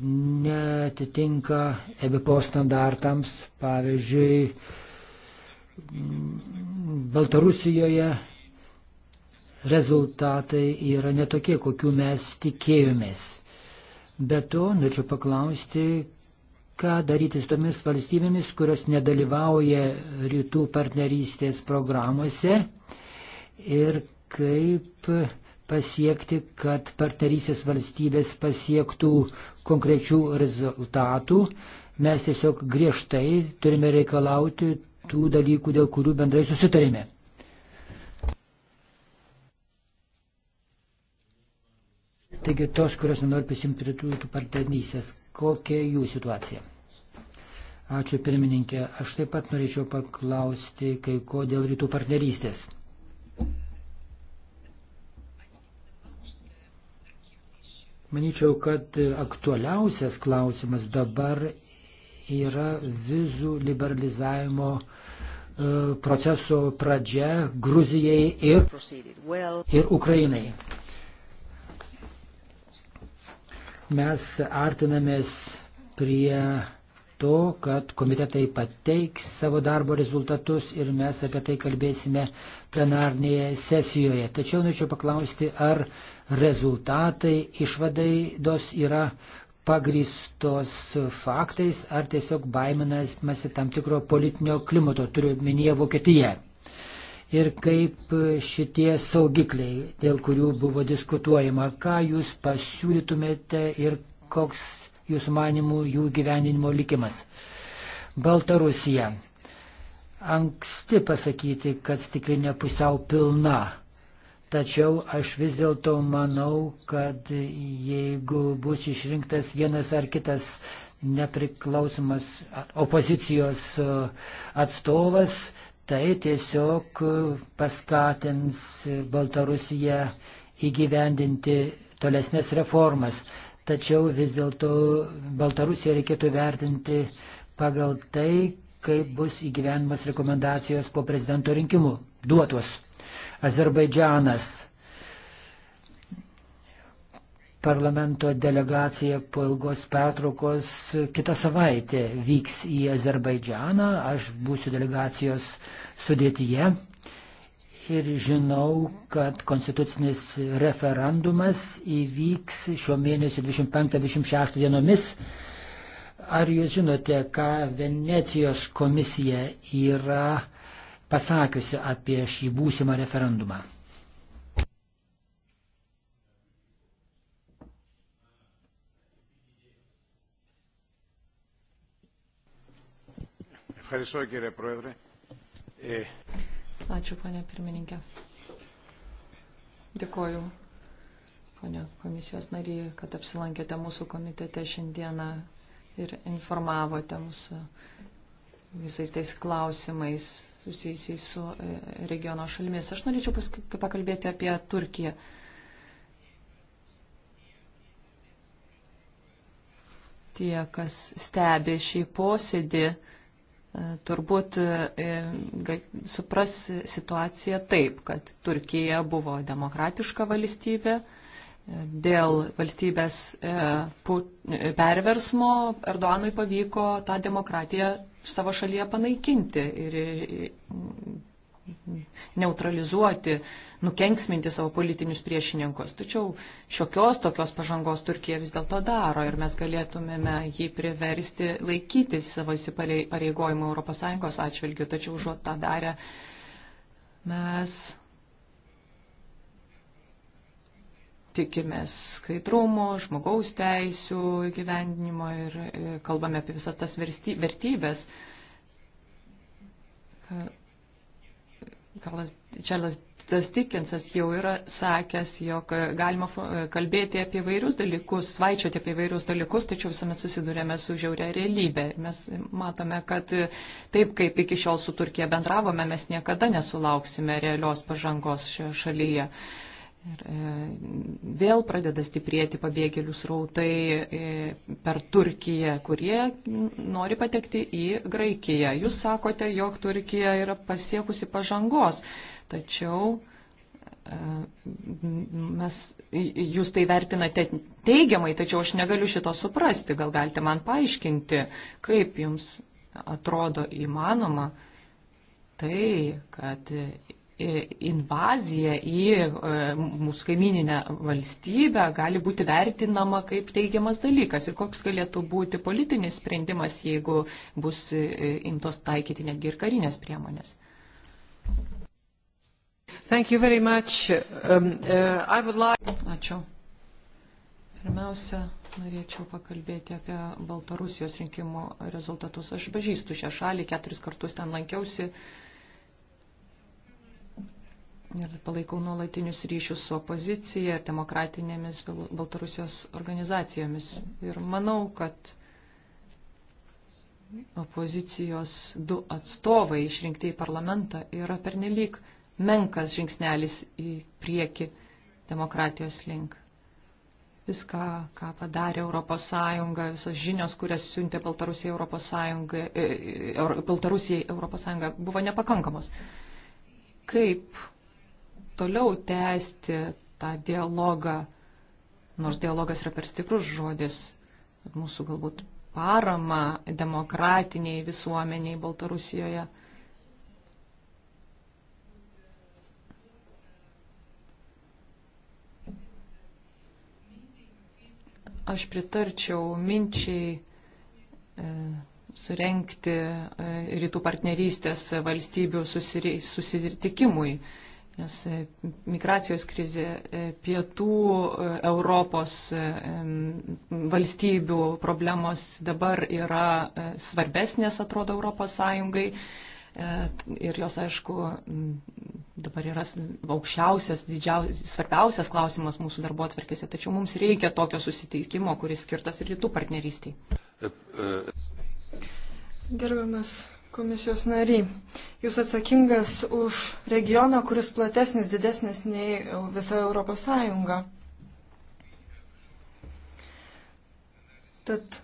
netitinka EBPO standartams. Pavyzdžiui, Baltarusijoje rezultatai yra netokie, kokių mes tikėjomės. Be to, norėčiau paklausti, ką daryti su tomis valstybėmis, kurios nedalyvauja rytų partnerystės programuose ir kaip pasiekti, kad partnerysės valstybės pasiektų konkrečių rezultatų. Mes tiesiog griežtai turime reikalauti tų dalykų, dėl kurių bendrai susitarėme. Taigi tos, kurios nenori prisimti prie tų, tų partnerystės, kokia jų situacija? Ačiū pirmininkė. Aš taip pat norėčiau paklausti kai ko dėl rytų partnerystės. Manyčiau, kad aktualiausias klausimas dabar yra vizų liberalizavimo e, proceso pradžia Gruzijai ir, ir Ukrainai. Mes artinamės prie to, kad komitetai pateiks savo darbo rezultatus ir mes apie tai kalbėsime plenarnėje sesijoje. Tačiau norėčiau paklausti, ar rezultatai, išvadai dos yra pagristos faktais ar tiesiog baiminasi tam tikro politinio klimato, turiu minėję Vokietiją. Ir kaip šitie saugikliai, dėl kurių buvo diskutuojama, ką jūs pasiūlytumėte ir koks jūsų manimų jų gyveninimo likimas. Baltarusija. Anksti pasakyti, kad stiklinė pusiau pilna. Tačiau aš vis dėlto manau, kad jeigu bus išrinktas vienas ar kitas nepriklausomas opozicijos uh, atstovas, tai tiesiog uh, paskatins Baltarusiją įgyvendinti tolesnės reformas. Tačiau vis dėlto Baltarusiją reikėtų vertinti pagal tai, kaip bus įgyvenimas rekomendacijos po prezidento rinkimų duotos. Azerbaidžianas. Parlamento delegacija po ilgos pertraukos kitą savaitę vyks į Azerbaidžianą. Aš būsiu delegacijos sudėtyje ir žinau, kad konstitucinis referendumas įvyks šio mėnesio 25-26 dienomis. Ar jūs žinote, ką Venecijos komisija yra pasakiusi apie šį būsimą referendumą.
Ευχαριστώ κύριε Πρόεδρε. Ε...
Ačiū, ponia pirmininkė. Dėkoju, ponia komisijos nariai, kad apsilankėte mūsų komitete šiandieną ir informavote mūsų visais tais klausimais, susijusiais su e, regiono šalimis. Aš norėčiau pakalbėti apie Turkiją. Tie, kas stebi šį posėdį, e, turbūt e, supras situaciją taip, kad Turkija buvo demokratiška valstybė dėl valstybės e, e, perversmo Erdoanui pavyko tą demokratiją savo šalyje panaikinti ir e, neutralizuoti, nukenksminti savo politinius priešininkus. Tačiau šiokios tokios pažangos Turkija vis dėlto daro ir mes galėtumėme jį priversti laikytis savo įsipareigojimų ES atžvilgių. Tačiau užuot tą darę mes tikimės skaidrumo, žmogaus teisų gyvendinimo ir kalbame apie visas tas vertybės. Karlas Čarlas Dickensas jau yra sakęs, jog galima kalbėti apie vairius dalykus, svaičioti apie vairius dalykus, tačiau visuomet susidurėme su žiauria realybė. Mes matome, kad taip kaip iki šiol su Turkija bendravome, mes niekada nesulauksime realios pažangos šioje šalyje. Uh, Ir e, vėl pradeda stiprėti pabėgėlių srautai e, per Turkiją, kurie nori patekti į Graikiją. Jūs sakote, jog Turkija yra pasiekusi pažangos, tačiau e, mes, jūs tai vertinate teigiamai, tačiau aš negaliu šito suprasti. Gal galite man paaiškinti, kaip jums atrodo įmanoma tai, kad invazija į e, mūsų kaimininę valstybę gali būti vertinama kaip teigiamas dalykas ir koks galėtų būti politinis sprendimas, jeigu bus e, imtos taikyti netgi ir karinės priemonės. Um, uh, like... Ačiū. Pirmiausia, norėčiau pakalbėti apie Baltarusijos rinkimų rezultatus. Aš pažįstu šią šalį, keturis kartus ten lankiausi. Uh, ir palaikau nuolatinius ryšius su opozicija ir demokratinėmis Baltarusijos organizacijomis. Ir manau, kad opozicijos du atstovai išrinkti į parlamentą yra pernelyg menkas žingsnelis į priekį demokratijos link. Viską, ką padarė ES, visos žinios, kurias siuntė Baltarusijai ES, e, e, Baltarusijai ES buvo nepakankamos. Kaip toliau tęsti tą dialogą, nors dialogas yra per stiprus žodis, mūsų galbūt parama demokratiniai visuomeniai Baltarusijoje. Aš pritarčiau minčiai e, surenkti e, rytų partnerystės valstybių susitikimui. E, nes e, migracijos krizė e, pietų e, Europos valstybių problemos dabar yra svarbesnės, atrodo, Europos Sąjungai. Ir jos, aišku, dabar yra aukščiausias, didžiausias, svarbiausias klausimas mūsų darbo atverkėse, tačiau mums reikia tokio susiteikimo, kuris skirtas rytų partnerystiai.
Gerbiamas Komisijos nary, jūs atsakingas už regioną, kuris platesnis, didesnis nei visa Europos Sąjunga. Tad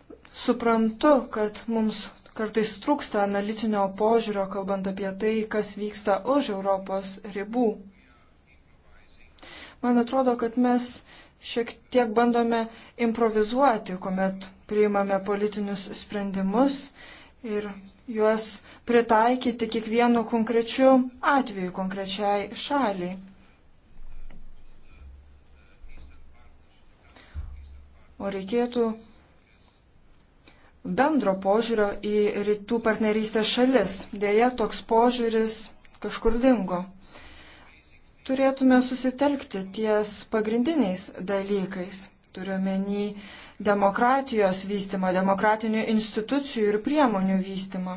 suprantu, kad mums kartais trūksta analitinio požiūrio, kalbant apie tai, kas vyksta už Europos ribų. Man atrodo, kad mes šiek tiek bandome improvizuoti, kuomet priimame politinius sprendimus ir juos pritaikyti kiekvienu konkrečiu atveju, konkrečiai šaliai. O reikėtų bendro požiūrio į rytų partnerystės šalis. Deja, toks požiūris kažkur dingo. Turėtume susitelkti ties pagrindiniais dalykais. Turiuomenį demokratijos vystimą, demokratinių institucijų ir priemonių vystimą.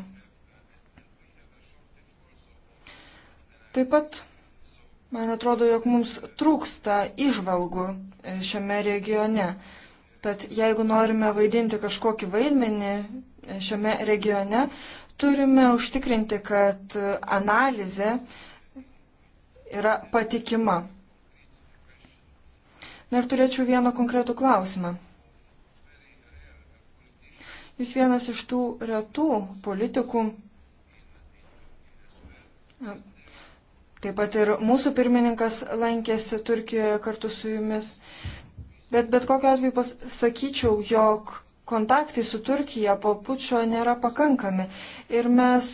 Taip pat, man atrodo, jog mums trūksta išvalgų e, šiame regione. Tad jeigu norime vaidinti kažkokį vaidmenį e, šiame regione, turime užtikrinti, kad e, analizė yra patikima. Na ir turėčiau vieną konkretų klausimą. Jūs vienas iš tų retų politikų, taip pat ir mūsų pirmininkas lankėsi Turkijoje kartu su jumis, bet bet kokiu atveju pasakyčiau, jog kontaktai su Turkija po pučio nėra pakankami ir mes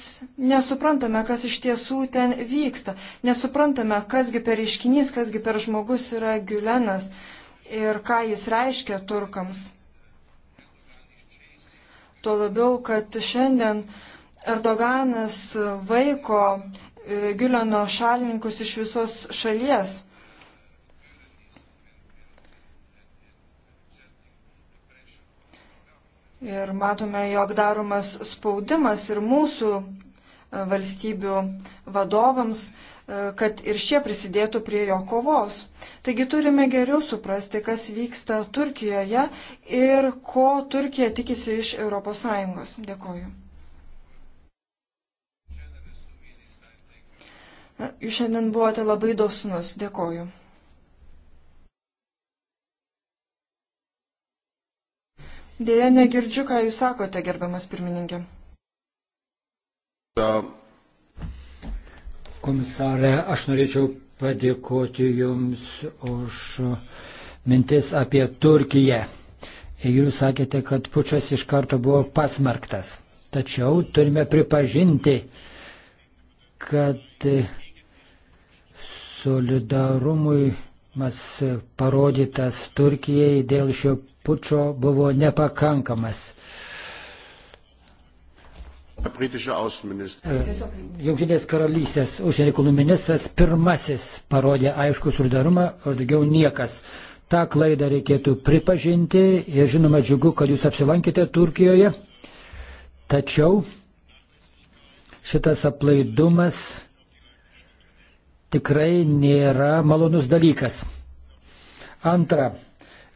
nesuprantame, kas iš tiesų ten vyksta, nesuprantame, kasgi per iškinys, kasgi per žmogus yra Gülenas ir ką jis reiškia turkams. Tuo labiau, kad šiandien Erdoganas vaiko e, Gileno šalininkus iš visos šalies. Ir matome, jog daromas spaudimas ir mūsų e, valstybių vadovams kad ir šie prisidėtų prie jo kovos. Taigi turime geriau suprasti, kas vyksta Turkijoje ir ko Turkija tikisi iš ES. Dėkoju. Jūs šiandien buvote labai dosnus. Dėkoju. Dėja, negirdžiu, ką jūs sakote, gerbiamas pirmininkė.
Uh.
Komisarė, aš norėčiau padėkoti Jums už mintis apie Turkiją. Jūs sakėte, kad pučas iš karto buvo pasmerktas. Tačiau turime pripažinti, kad solidarumui mas parodytas Turkijai dėl šio pučio buvo nepakankamas. Jungtinės karalystės užsienio reikalų ministras pirmasis parodė aišku solidarumą, o daugiau niekas. Ta klaida reikėtų pripažinti ir žinoma džiugu, kad jūs apsilankėte Turkijoje. Tačiau šitas aplaidumas tikrai nėra malonus dalykas. Antra,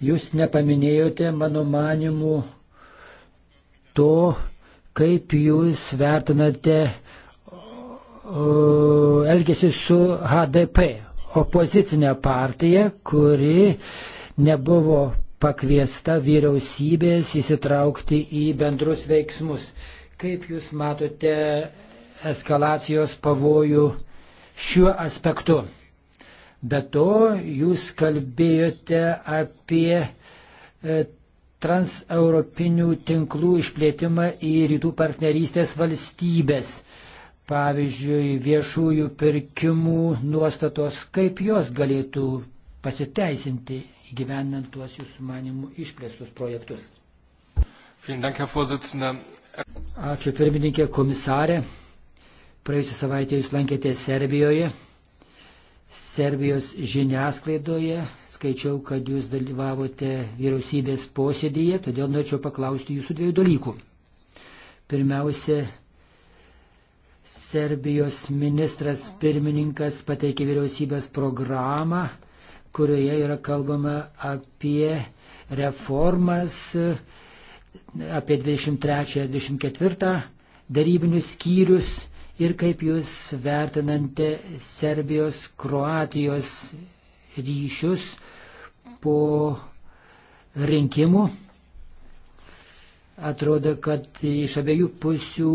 jūs nepaminėjote, mano manimu, to, Kaip jūs vertinate elgesi su HDP, opozicinė partija, kuri nebuvo pakviesta vyriausybės įsitraukti į bendrus veiksmus. Kaip Jūs matote eskalacijos pavojų šiuo aspektu? Be to, Jūs kalbėjote apie e, transeuropinių tinklų išplėtimą į rytų partnerystės valstybės. Pavyzdžiui, viešųjų pirkimų nuostatos, kaip jos galėtų pasiteisinti įgyvendant tuos jūsų manimų išplėstus projektus. Ačiū pirmininkė komisarė. Praėjusią savaitę jūs lankėte Serbijoje. Serbijos žiniasklaidoje skaičiau, kad jūs dalyvavote vyriausybės posėdėje, todėl norėčiau paklausti jūsų dviejų dalykų. Pirmiausia, Serbijos ministras pirmininkas pateikė vyriausybės programą, kurioje yra kalbama apie reformas, apie 23-24 darybinius skyrius ir kaip jūs vertinate Serbijos, Kroatijos ryšius, po rinkimų. Atrodo, kad iš abiejų pusių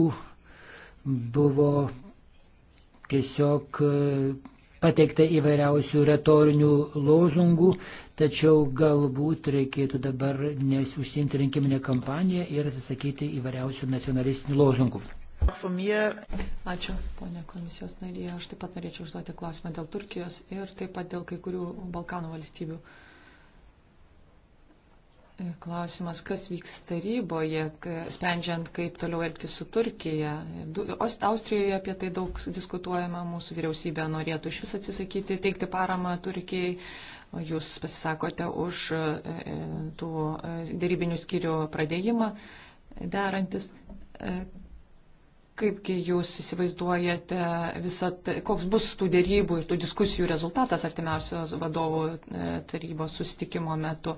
buvo tiesiog e, pateikta įvairiausių retorinių lozungų, tačiau galbūt reikėtų dabar nesusimti rinkiminę kampaniją ir atsisakyti įvairiausių nacionalistinių lozungų.
Ačiū, ponė komisijos narė. Aš taip pat norėčiau užduoti klausimą dėl Turkijos ir taip pat dėl kai kurių Balkanų valstybių. Uh, Klausimas, kas vyks taryboje, sprendžiant, kaip toliau elgtis su Turkija. Austrijoje apie tai daug diskutuojama, mūsų vyriausybė norėtų iš vis atsisakyti, teikti paramą Turkijai. Jūs pasisakote už e, e, tų e, dėrybinių skyrių pradėjimą derantis. Kaipgi jūs įsivaizduojate visą, koks bus tų dėrybų ir tų diskusijų rezultatas artimiausios vadovų e, tarybos sustikimo metu?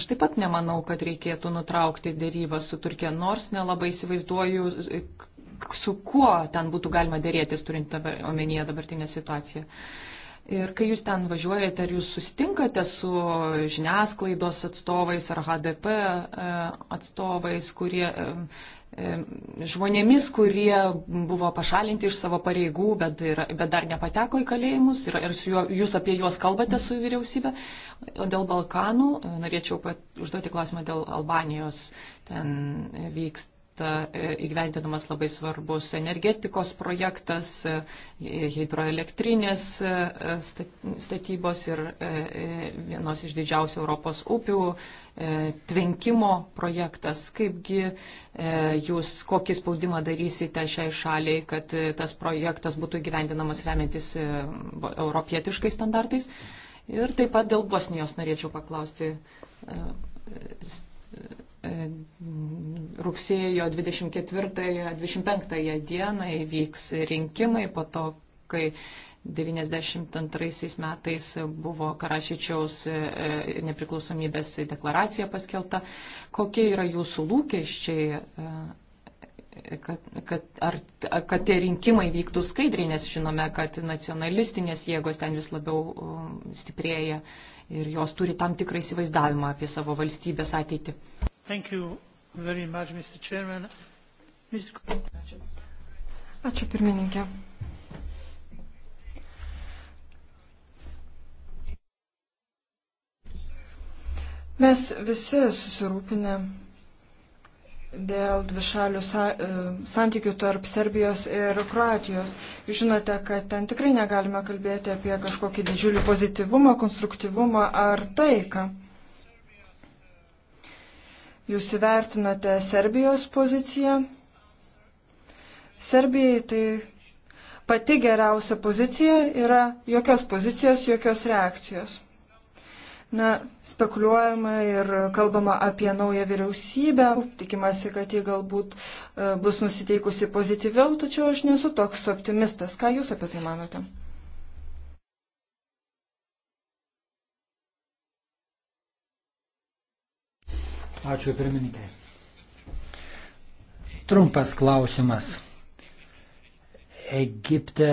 Aš taip pat nemanau, kad reikėtų nutraukti dėrybą su Turkija, nors nelabai įsivaizduoju, e, su kuo ten būtų galima dėrėtis, turint dabar, omenyje dabartinę situaciją. Ir kai jūs ten važiuojate, ar jūs susitinkate su žiniasklaidos atstovais ar HDP e, atstovais, kurie E, žmonėmis, kurie buvo pašalinti iš savo pareigų, bet, yra, bet dar nepateko į kalėjimus ir, ir juo, jūs apie juos kalbate su vyriausybė. O dėl Balkanų norėčiau pat, užduoti klausimą dėl Albanijos. Ten vyksta E, įgyvendinamas labai svarbus energetikos projektas, e, hidroelektrinės e, statybos ir vienos iš didžiausių Europos upių tvenkimo projektas. Kaipgi jūs kokį spaudimą darysite šiai šaliai, kad tas projektas būtų įgyvendinamas remiantis europietiškais standartais? Ir taip pat dėl Bosnijos norėčiau paklausti E, rugsėjo 24-25 dieną įvyks rinkimai po to, kai 92 metais buvo Karašyčiaus e, e, nepriklausomybės deklaracija paskelta. Kokie yra jūsų lūkesčiai, kad, kad, ar, kad tie rinkimai vyktų skaidriai, nes žinome, kad nacionalistinės jėgos ten vis labiau stiprėja ir jos turi tam tikrą įsivaizdavimą apie savo valstybės ateitį.
Thank you very much, Mr. Chairman. Mr. Ačiū.
Ačiū pirmininkė. Mes visi susirūpinę dėl dvišalių sa e, santykių tarp Serbijos ir Kroatijos. Jūs žinote, kad ten tikrai negalime kalbėti apie kažkokį didžiulį pozityvumą, konstruktyvumą ar taiką. Jūs įvertinote Serbijos poziciją. Serbijai tai pati geriausia pozicija yra jokios pozicijos, jokios reakcijos. Na, spekuliuojama ir kalbama apie naują vyriausybę. Tikimasi, kad ji galbūt e, bus nusiteikusi pozityviau, tačiau aš nesu toks optimistas. Ką Jūs apie tai manote?
Ačiū pirmininkė. Trumpas klausimas. Egipte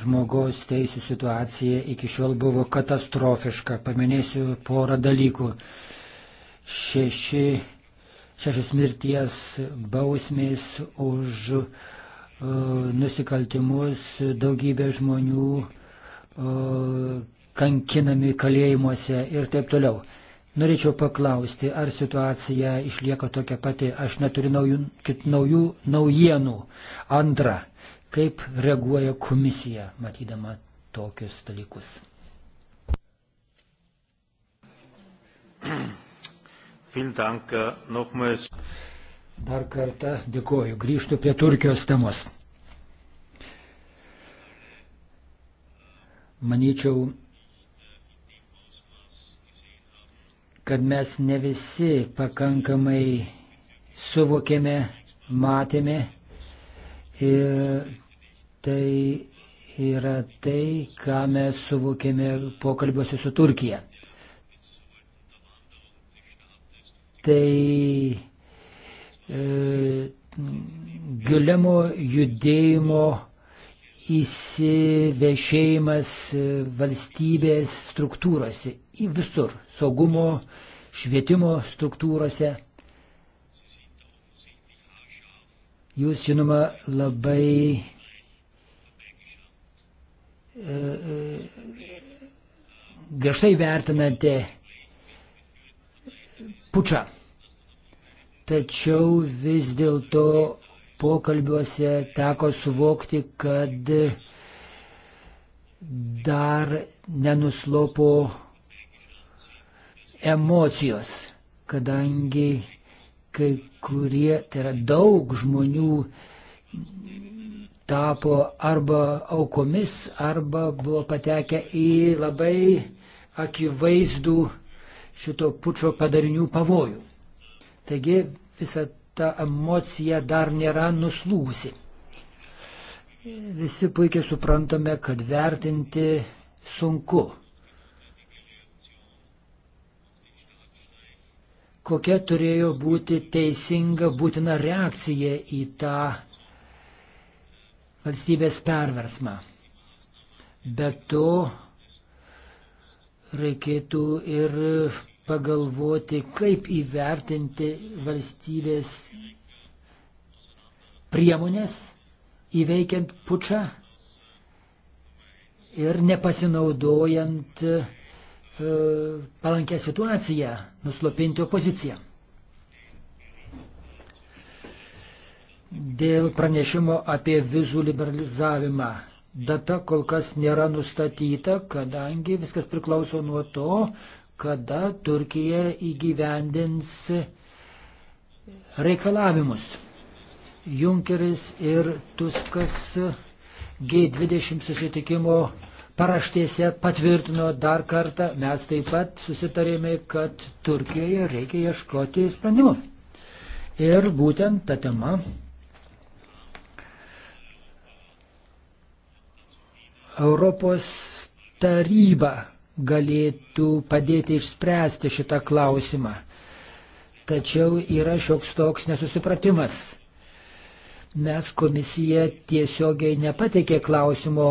žmogaus teisų situacija iki šiol buvo katastrofiška. Paminėsiu porą dalykų. Šeši, šešias mirties bausmės už uh, nusikaltimus, daugybė žmonių uh, kankinami kalėjimuose ir taip toliau. Norėčiau paklausti, ar situacija išlieka tokia pati, aš neturiu naujų, kit, naujų naujienų. Antra, kaip reaguoja komisija, matydama tokius dalykus? Äh, Dar kartą dėkoju. Grįžtu prie Turkijos temos. Manyčiau, kad mes ne visi pakankamai suvokėme, matėme. Ir tai yra tai, ką mes suvokėme pokalbiuose su Turkija. Tai e, Gilemo judėjimo įsivešėjimas valstybės struktūrose, į visur - saugumo, švietimo struktūrose. Jūs, žinoma, labai e, e, griežtai vertinate pučą. Tačiau vis dėlto pokalbiuose teko suvokti, kad dar nenuslopo emocijos, kadangi kai kurie, tai yra daug žmonių, tapo arba aukomis, arba buvo patekę į labai akivaizdų šito pučio padarinių pavojų. Taigi visa ta emocija dar nėra nuslūgusi. Visi puikiai suprantame, kad vertinti sunku. Kokia turėjo būti teisinga būtina reakcija į tą valstybės perversmą. Be to reikėtų ir pagalvoti, kaip įvertinti valstybės priemonės įveikiant pučą ir nepasinaudojant e, palankę situaciją, nuslopinti opoziciją. Dėl pranešimo apie vizų liberalizavimą. Data kol kas nėra nustatyta, kadangi viskas priklauso nuo to, kada Turkija įgyvendins reikalavimus. Junkeris ir Tuskas G20 susitikimo paraštėse patvirtino dar kartą, mes taip pat susitarėme, kad Turkijoje reikia ieškoti sprendimų. Ir būtent ta tema Europos taryba galėtų padėti išspręsti šitą klausimą. Tačiau yra šioks toks nesusipratimas. Mes komisija tiesiogiai nepateikė klausimo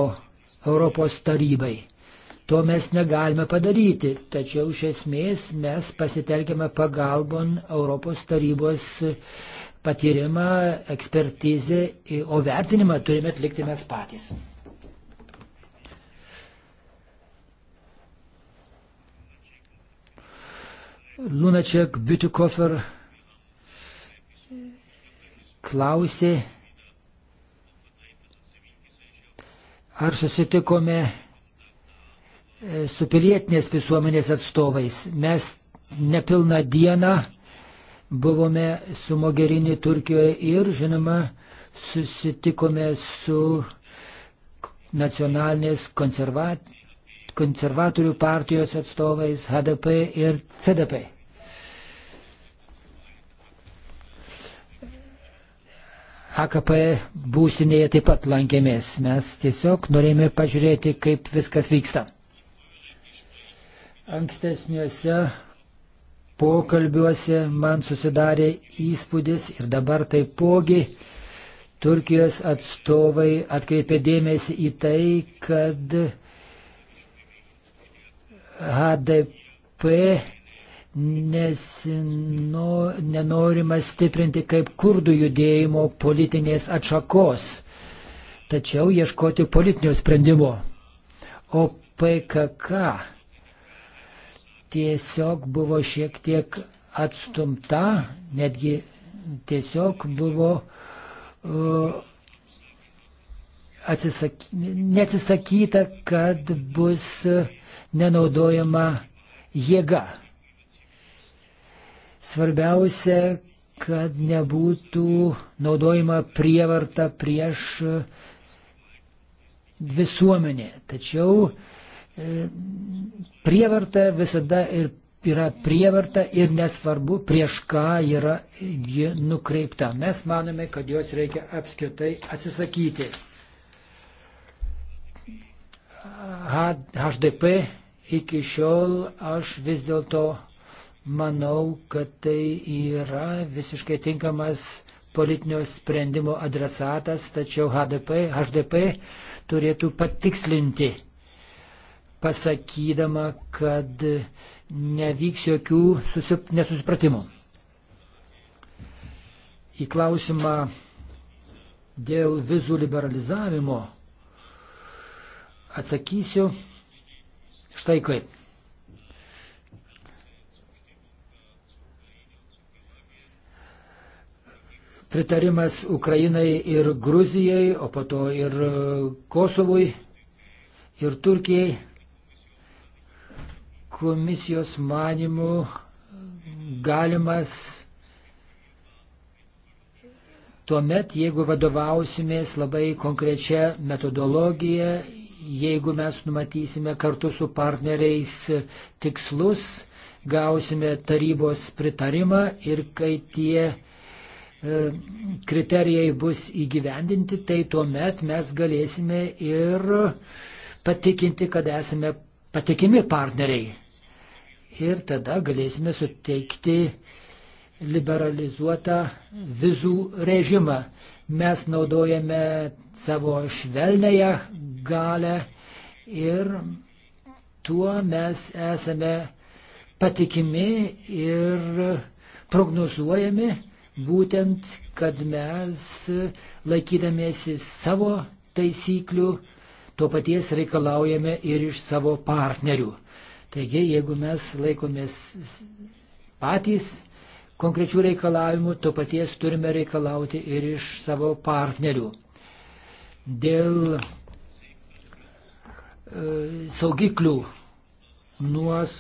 Europos tarybai. To mes negalime padaryti, tačiau iš esmės mes pasitelkime pagalbon Europos tarybos patyrimą, ekspertizę, o vertinimą turime atlikti mes patys. Lunačiak Biutikofer klausė, ar susitikome e, su pilietinės visuomenės atstovais. Mes nepilną dieną buvome su Mogerini Turkijoje ir, žinoma, susitikome su nacionalinės konservat konservatorių partijos atstovais HDP ir CDP. AKP būstinėje taip pat lankėmės. Mes tiesiog norėjome pažiūrėti, kaip viskas vyksta. Ankstesniuose pokalbiuose man susidarė įspūdis ir dabar taipogi Turkijos atstovai atkreipė dėmesį į tai, kad HDP nesino, nenorima stiprinti kaip kurdų judėjimo politinės atšakos, tačiau ieškoti politinio sprendimo. O PKK tiesiog buvo šiek tiek atstumta, netgi tiesiog buvo uh, atsisak... neatsisakyta, kad bus nenaudojama jėga. Svarbiausia, kad nebūtų naudojama prievarta prieš visuomenė. Tačiau e, prievarta visada ir yra prievarta ir nesvarbu, prieš ką yra ji nukreipta. Mes manome, kad jos reikia apskritai atsisakyti. HDP iki šiol aš vis dėlto manau, kad tai yra visiškai tinkamas politinio sprendimo adresatas, tačiau HDP, HDP turėtų patikslinti, pasakydama, kad nevyks jokių susip, nesusipratimų. Į klausimą dėl vizų liberalizavimo Atsakysiu štai kaip. Pritarimas Ukrainai ir Gruzijai, o po to ir Kosovui ir Turkijai komisijos manimų galimas tuomet, jeigu vadovausimės labai konkrečia metodologija jeigu mes numatysime kartu su partneriais tikslus, gausime tarybos pritarimą ir kai tie e, kriterijai bus įgyvendinti, tai tuomet mes galėsime ir patikinti, kad esame patikimi partneriai. Ir tada galėsime suteikti liberalizuotą vizų režimą. Mes naudojame savo švelnėją galę ir tuo mes esame patikimi ir prognozuojami, būtent, kad mes laikydamėsi savo taisyklių, to paties reikalaujame ir iš savo partnerių. Taigi, jeigu mes laikomės patys konkrečių reikalavimų, to paties turime reikalauti ir iš savo partnerių. Dėl saugiklių nuos,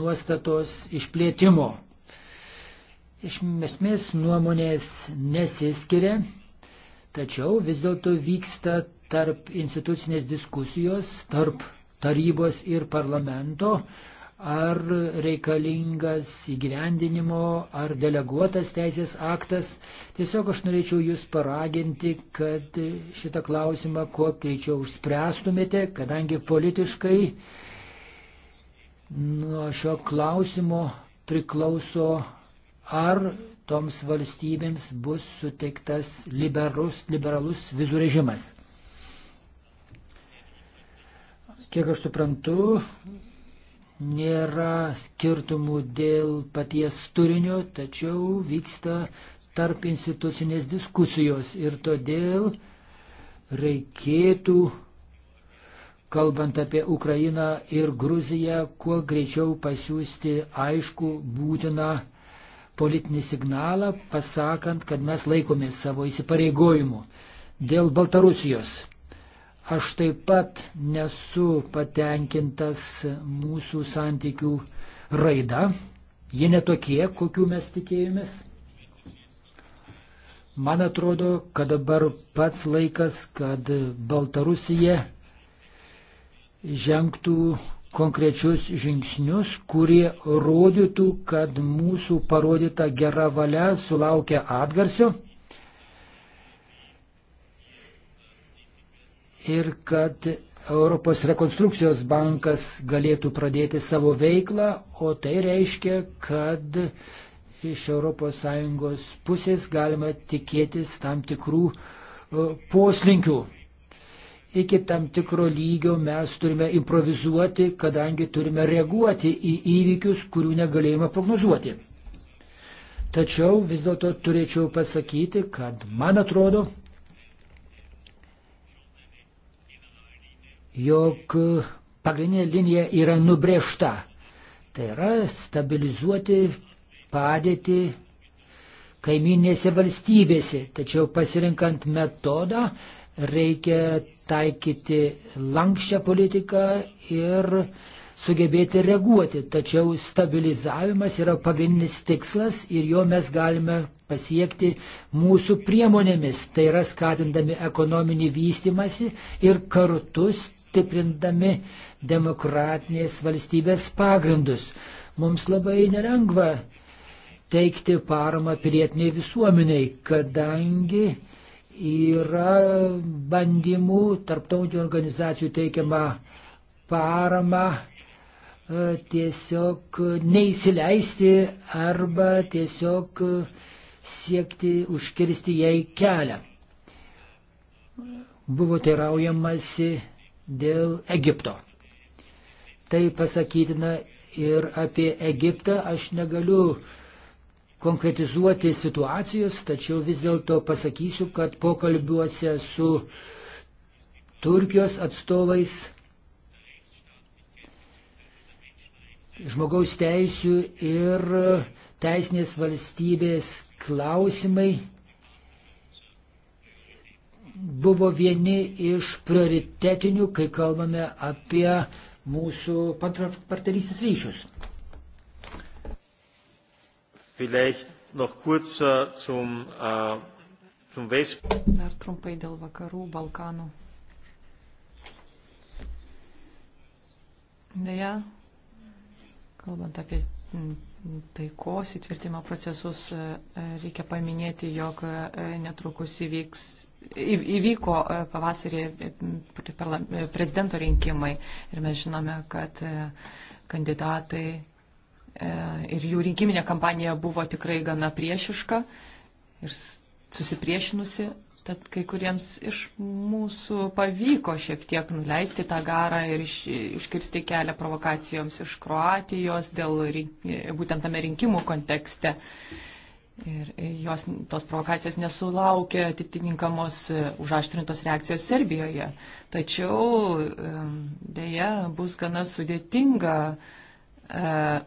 nuostatos išplėtimo. Iš esmės nuomonės nesiskiria, tačiau vis dėlto vyksta tarp institucinės diskusijos, tarp tarybos ir parlamento ar reikalingas įgyvendinimo ar deleguotas teisės aktas. Tiesiog aš norėčiau Jūs paraginti, kad šitą klausimą kuo greičiau užspręstumėte, kadangi politiškai nuo šio klausimo priklauso, ar toms valstybėms bus suteiktas liberus, liberalus vizų režimas. Kiek aš suprantu, nėra skirtumų dėl paties turinio, tačiau vyksta tarp institucinės diskusijos ir todėl reikėtų, kalbant apie Ukrainą ir Gruziją, kuo greičiau pasiūsti aišku būtiną politinį signalą, pasakant, kad mes laikomės savo įsipareigojimų dėl Baltarusijos. Aš taip pat nesu patenkintas mūsų santykių raida. Jie netokie, kokių mes tikėjomės. Man atrodo, kad dabar pats laikas, kad Baltarusija žengtų konkrečius žingsnius, kurie rodytų, kad mūsų parodyta gera valia sulaukia atgarsio. ir kad Europos rekonstrukcijos bankas galėtų pradėti savo veiklą, o tai reiškia, kad iš ES pusės galima tikėtis tam tikrų e, poslinkių. Iki tam tikro lygio mes turime improvizuoti, kadangi turime reaguoti į įvykius, kurių negalėjome prognozuoti. Tačiau vis dėlto turėčiau pasakyti, kad man atrodo, jog pagrindinė linija yra nubrėžta. Tai yra stabilizuoti padėtį kaiminėse valstybėse. Tačiau pasirinkant metodą reikia taikyti lankščią politiką ir sugebėti reaguoti. Tačiau stabilizavimas yra pagrindinis tikslas ir jo mes galime pasiekti mūsų priemonėmis. Tai yra skatindami ekonominį vystimasi ir kartus stiprindami demokratinės valstybės pagrindus. Mums labai nelengva teikti paramą pilietiniai visuomeniai, kadangi yra bandymų tarptautinių organizacijų teikiama parama e, tiesiog neįsileisti arba tiesiog e, siekti užkirsti jai kelią. Buvo teiraujamasi dėl Egipto. Tai pasakytina ir apie Egiptą aš negaliu konkretizuoti situacijos, tačiau vis dėlto pasakysiu, kad pokalbiuose su Turkijos atstovais žmogaus teisų ir teisinės valstybės klausimai buvo vieni iš prioritetinių, kai kalbame apie mūsų partnerystės ryšius.
Äh, äh,
Dar trumpai dėl vakarų Balkanų. Deja, kalbant apie taikos įtvirtimo procesus, e, e, reikia paminėti, jog e, netrukus įvyks, įvyko pavasarį prezidento rinkimai ir mes žinome, kad kandidatai ir jų rinkiminė kampanija buvo tikrai gana priešiška ir susipriešinusi Tad kai kuriems iš mūsų pavyko šiek tiek nuleisti tą garą ir iš, iškirsti kelią provokacijoms iš Kroatijos dėl būtent tame rinkimų kontekste. Ir jos, tos provokacijos nesulaukė atitinkamos e, užaštrintos reakcijos Serbijoje. Tačiau e, dėja bus gana sudėtinga e,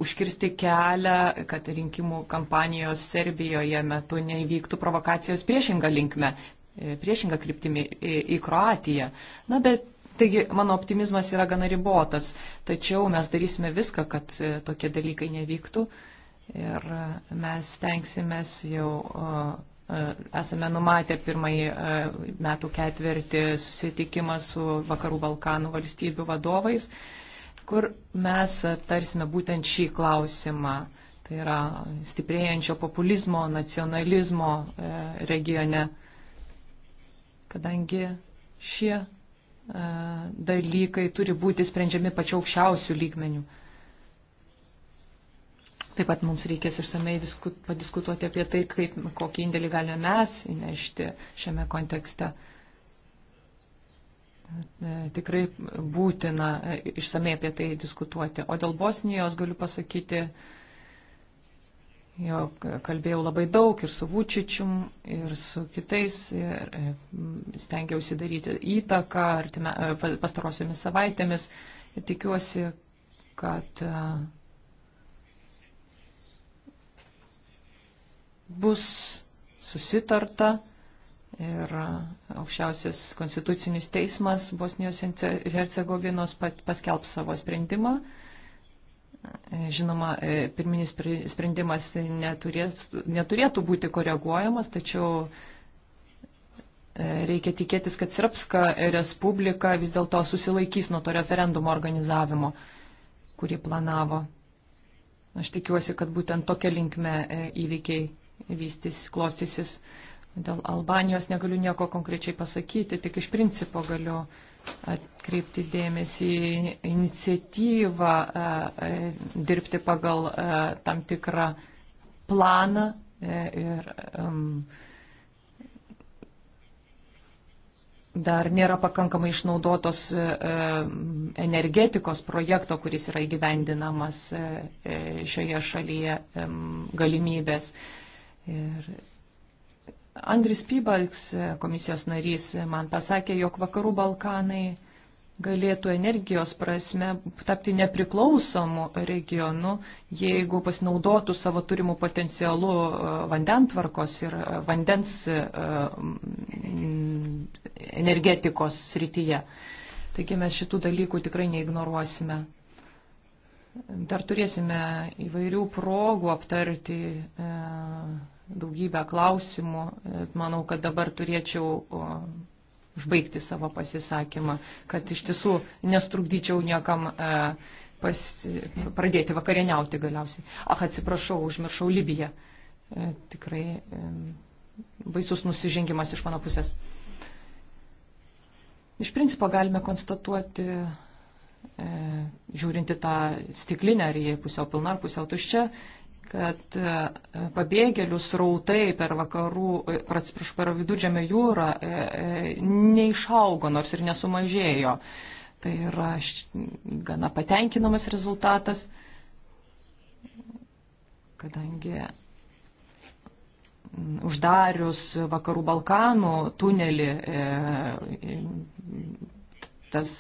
užkirsti kelią, kad rinkimų kampanijos Serbijoje metu nevyktų provokacijos priešinga linkme. E, priešingą kryptimį į, į Kroatiją. Na, bet taigi mano optimizmas yra gana ribotas, tačiau mes darysime viską, kad e, tokie dalykai nevyktų ir e, mes tenksimės jau. Esame numatę pirmąjį metų ketvirtį susitikimą su Vakarų Balkanų valstybių vadovais, kur mes aptarsime būtent šį klausimą tai yra stiprėjančio populizmo, nacionalizmo regione kadangi šie e, dalykai turi būti sprendžiami pačiu aukščiausių lygmenių. Taip pat mums reikės išsamei diskut, padiskutuoti apie tai, kaip, kokį indėlį galime mes įnešti šiame kontekste. E, tikrai būtina e, išsamei apie tai diskutuoti. O dėl Bosnijos galiu pasakyti, Jau kalbėjau labai daug ir su Vučičium, ir su kitais, ir e, stengiausi daryti įtaką artime, e, pastarosiomis savaitėmis. Ir tikiuosi, kad e, bus susitarta ir aukščiausias konstitucinis teismas Bosnijos ir Hercegovinos paskelbs savo sprendimą. E, žinoma, e, pirminis sprendimas neturės, neturėtų būti koreguojamas, tačiau e, reikia tikėtis, kad Srpska Respublika vis dėlto susilaikys nuo to referendumo organizavimo, kurį planavo. Aš tikiuosi, kad būtent tokia linkme įvykiai vystys, klostysis. Dėl Albanijos negaliu nieko konkrečiai pasakyti, tik iš principo galiu uh, atkreipti dėmesį į iniciatyvą e, e, dirbti pagal e, tam tikrą planą ir dar nėra pakankamai išnaudotos energetikos projekto, kuris yra įgyvendinamas šioje šalyje galimybės. Ir Andris Pybalks, komisijos narys, man pasakė, jog vakarų Balkanai galėtų energijos prasme tapti nepriklausomu regionu, jeigu pasinaudotų savo turimų potencialų e, vandentvarkos ir e, vandens e, energetikos srityje. Taigi mes šitų dalykų tikrai neignoruosime. Dar turėsime įvairių progų aptarti daugybę klausimų. Manau, kad dabar turėčiau užbaigti savo pasisakymą, kad iš tiesų nestrukdyčiau niekam e, pas, pradėti vakarieniauti galiausiai. Ach, atsiprašau, užmiršau Libiją. E, tikrai e, baisus nusižengimas iš mano pusės. Iš principo galime konstatuoti žiūrinti tą stiklinę, ar jie pusiau pilna, ar pusiau tuščia, kad e, pabėgėlių srautai per vakarų, e, pratsiprašau, per viduržėmio jūrą e, neišaugo, nors ir nesumažėjo. Tai yra gana patenkinamas rezultatas, kadangi uždarius vakarų Balkanų tunelį tas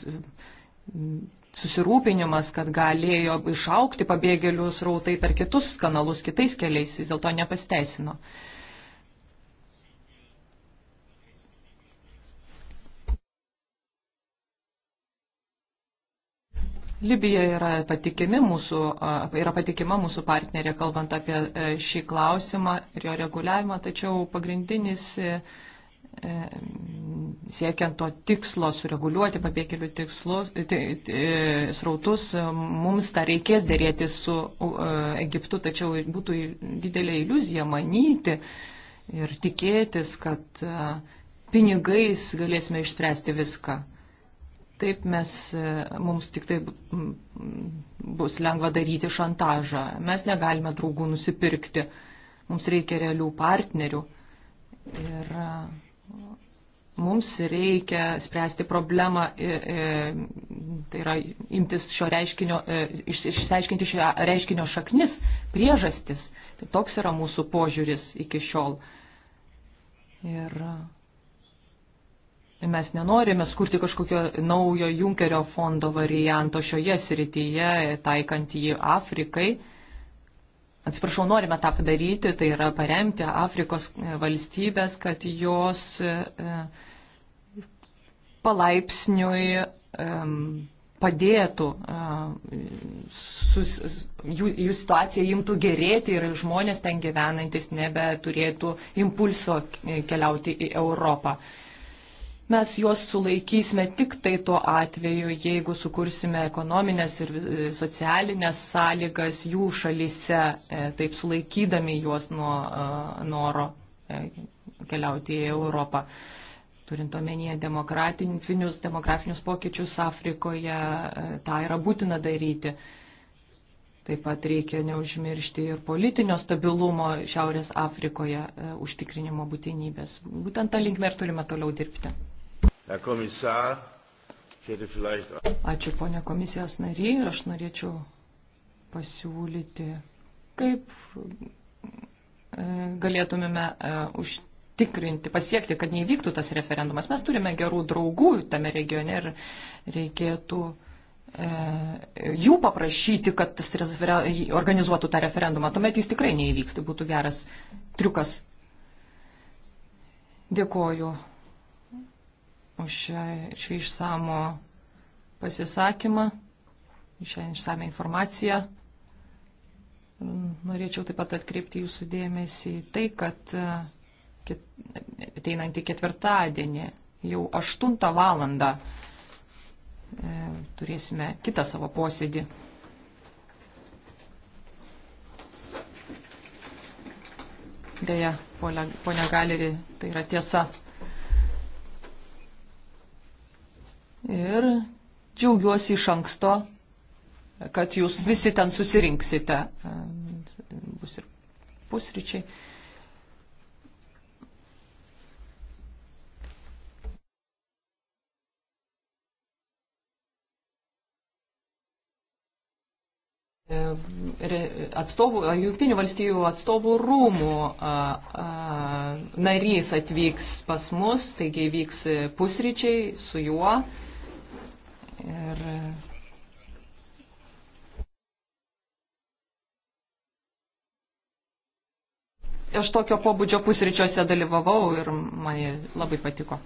susirūpinimas, kad galėjo išaukti pabėgėlių srautai per kitus kanalus, kitais keliais, vis dėlto nepasteisino. Libija yra, patikimi mūsų, yra patikima mūsų partnerė, kalbant apie e, šį klausimą ir jo reguliavimą, tačiau pagrindinis e, E, siekiant to tikslo sureguliuoti pabėgėlių tikslus, e, e, srautus, mums tą reikės dėrėti su Egiptu, tačiau būtų didelė iliuzija manyti ir tikėtis, kad pinigais galėsime išspręsti viską. Taip mes, mums tik tai bus lengva daryti šantažą. Mes negalime draugų nusipirkti. Mums reikia realių partnerių. Ir Mums reikia spręsti problemą, e, e, tai yra imtis šio reiškinio, e, išsiaiškinti šio reiškinio šaknis, priežastis. Tai toks yra mūsų požiūris iki šiol. Ir mes nenorime skurti kažkokio naujo Junkerio fondo varianto šioje srityje, taikant jį Afrikai. Atsiprašau, norime tą padaryti, tai yra paremti Afrikos valstybės, kad jos palaipsniui padėtų, sus, jų, jų situacija imtų gerėti ir žmonės ten gyvenantis nebeturėtų impulso keliauti į Europą. Mes juos sulaikysime tik tai tuo atveju, jeigu sukursime ekonominės ir socialinės sąlygas jų šalyse, e, taip sulaikydami juos nuo noro e, keliauti į Europą. Uh, turint omenyje demokratinius, demografinius pokyčius Afrikoje, e, tą yra būtina daryti. Taip pat reikia neužmiršti ir politinio stabilumo Šiaurės Afrikoje e, užtikrinimo būtinybės. Būtent tą linkmę ir turime toliau dirbti. Ačiū ponia komisijos nariai ir aš norėčiau pasiūlyti, kaip e, galėtumėme už užtikrinti, pasiekti, kad neįvyktų tas referendumas. Mes turime gerų draugų tame regione ir reikėtų e, jų paprašyti, kad tas organizuotų tą referendumą. Tuomet jis tikrai neįvyks, tai būtų geras triukas. Dėkoju už šią, šį išsamo pasisakymą, šią išsame informaciją. Norėčiau taip pat atkreipti jūsų dėmesį į tai, kad ateinantį ketvirtadienį, jau 8 valandą e, turėsime kitą savo posėdį. Deja, ponia Galerį, tai yra tiesa. Ir džiaugiuosi iš anksto, kad jūs visi ten susirinksite. E, bus ir pusryčiai. E, atstovų, e, Junktinių valstybių atstovų rūmų a, e, a, narys atvyks pas mus, taigi vyks pusryčiai su juo.
Ir aš tokio pobūdžio
pusryčiuose dalyvavau ir man labai patiko.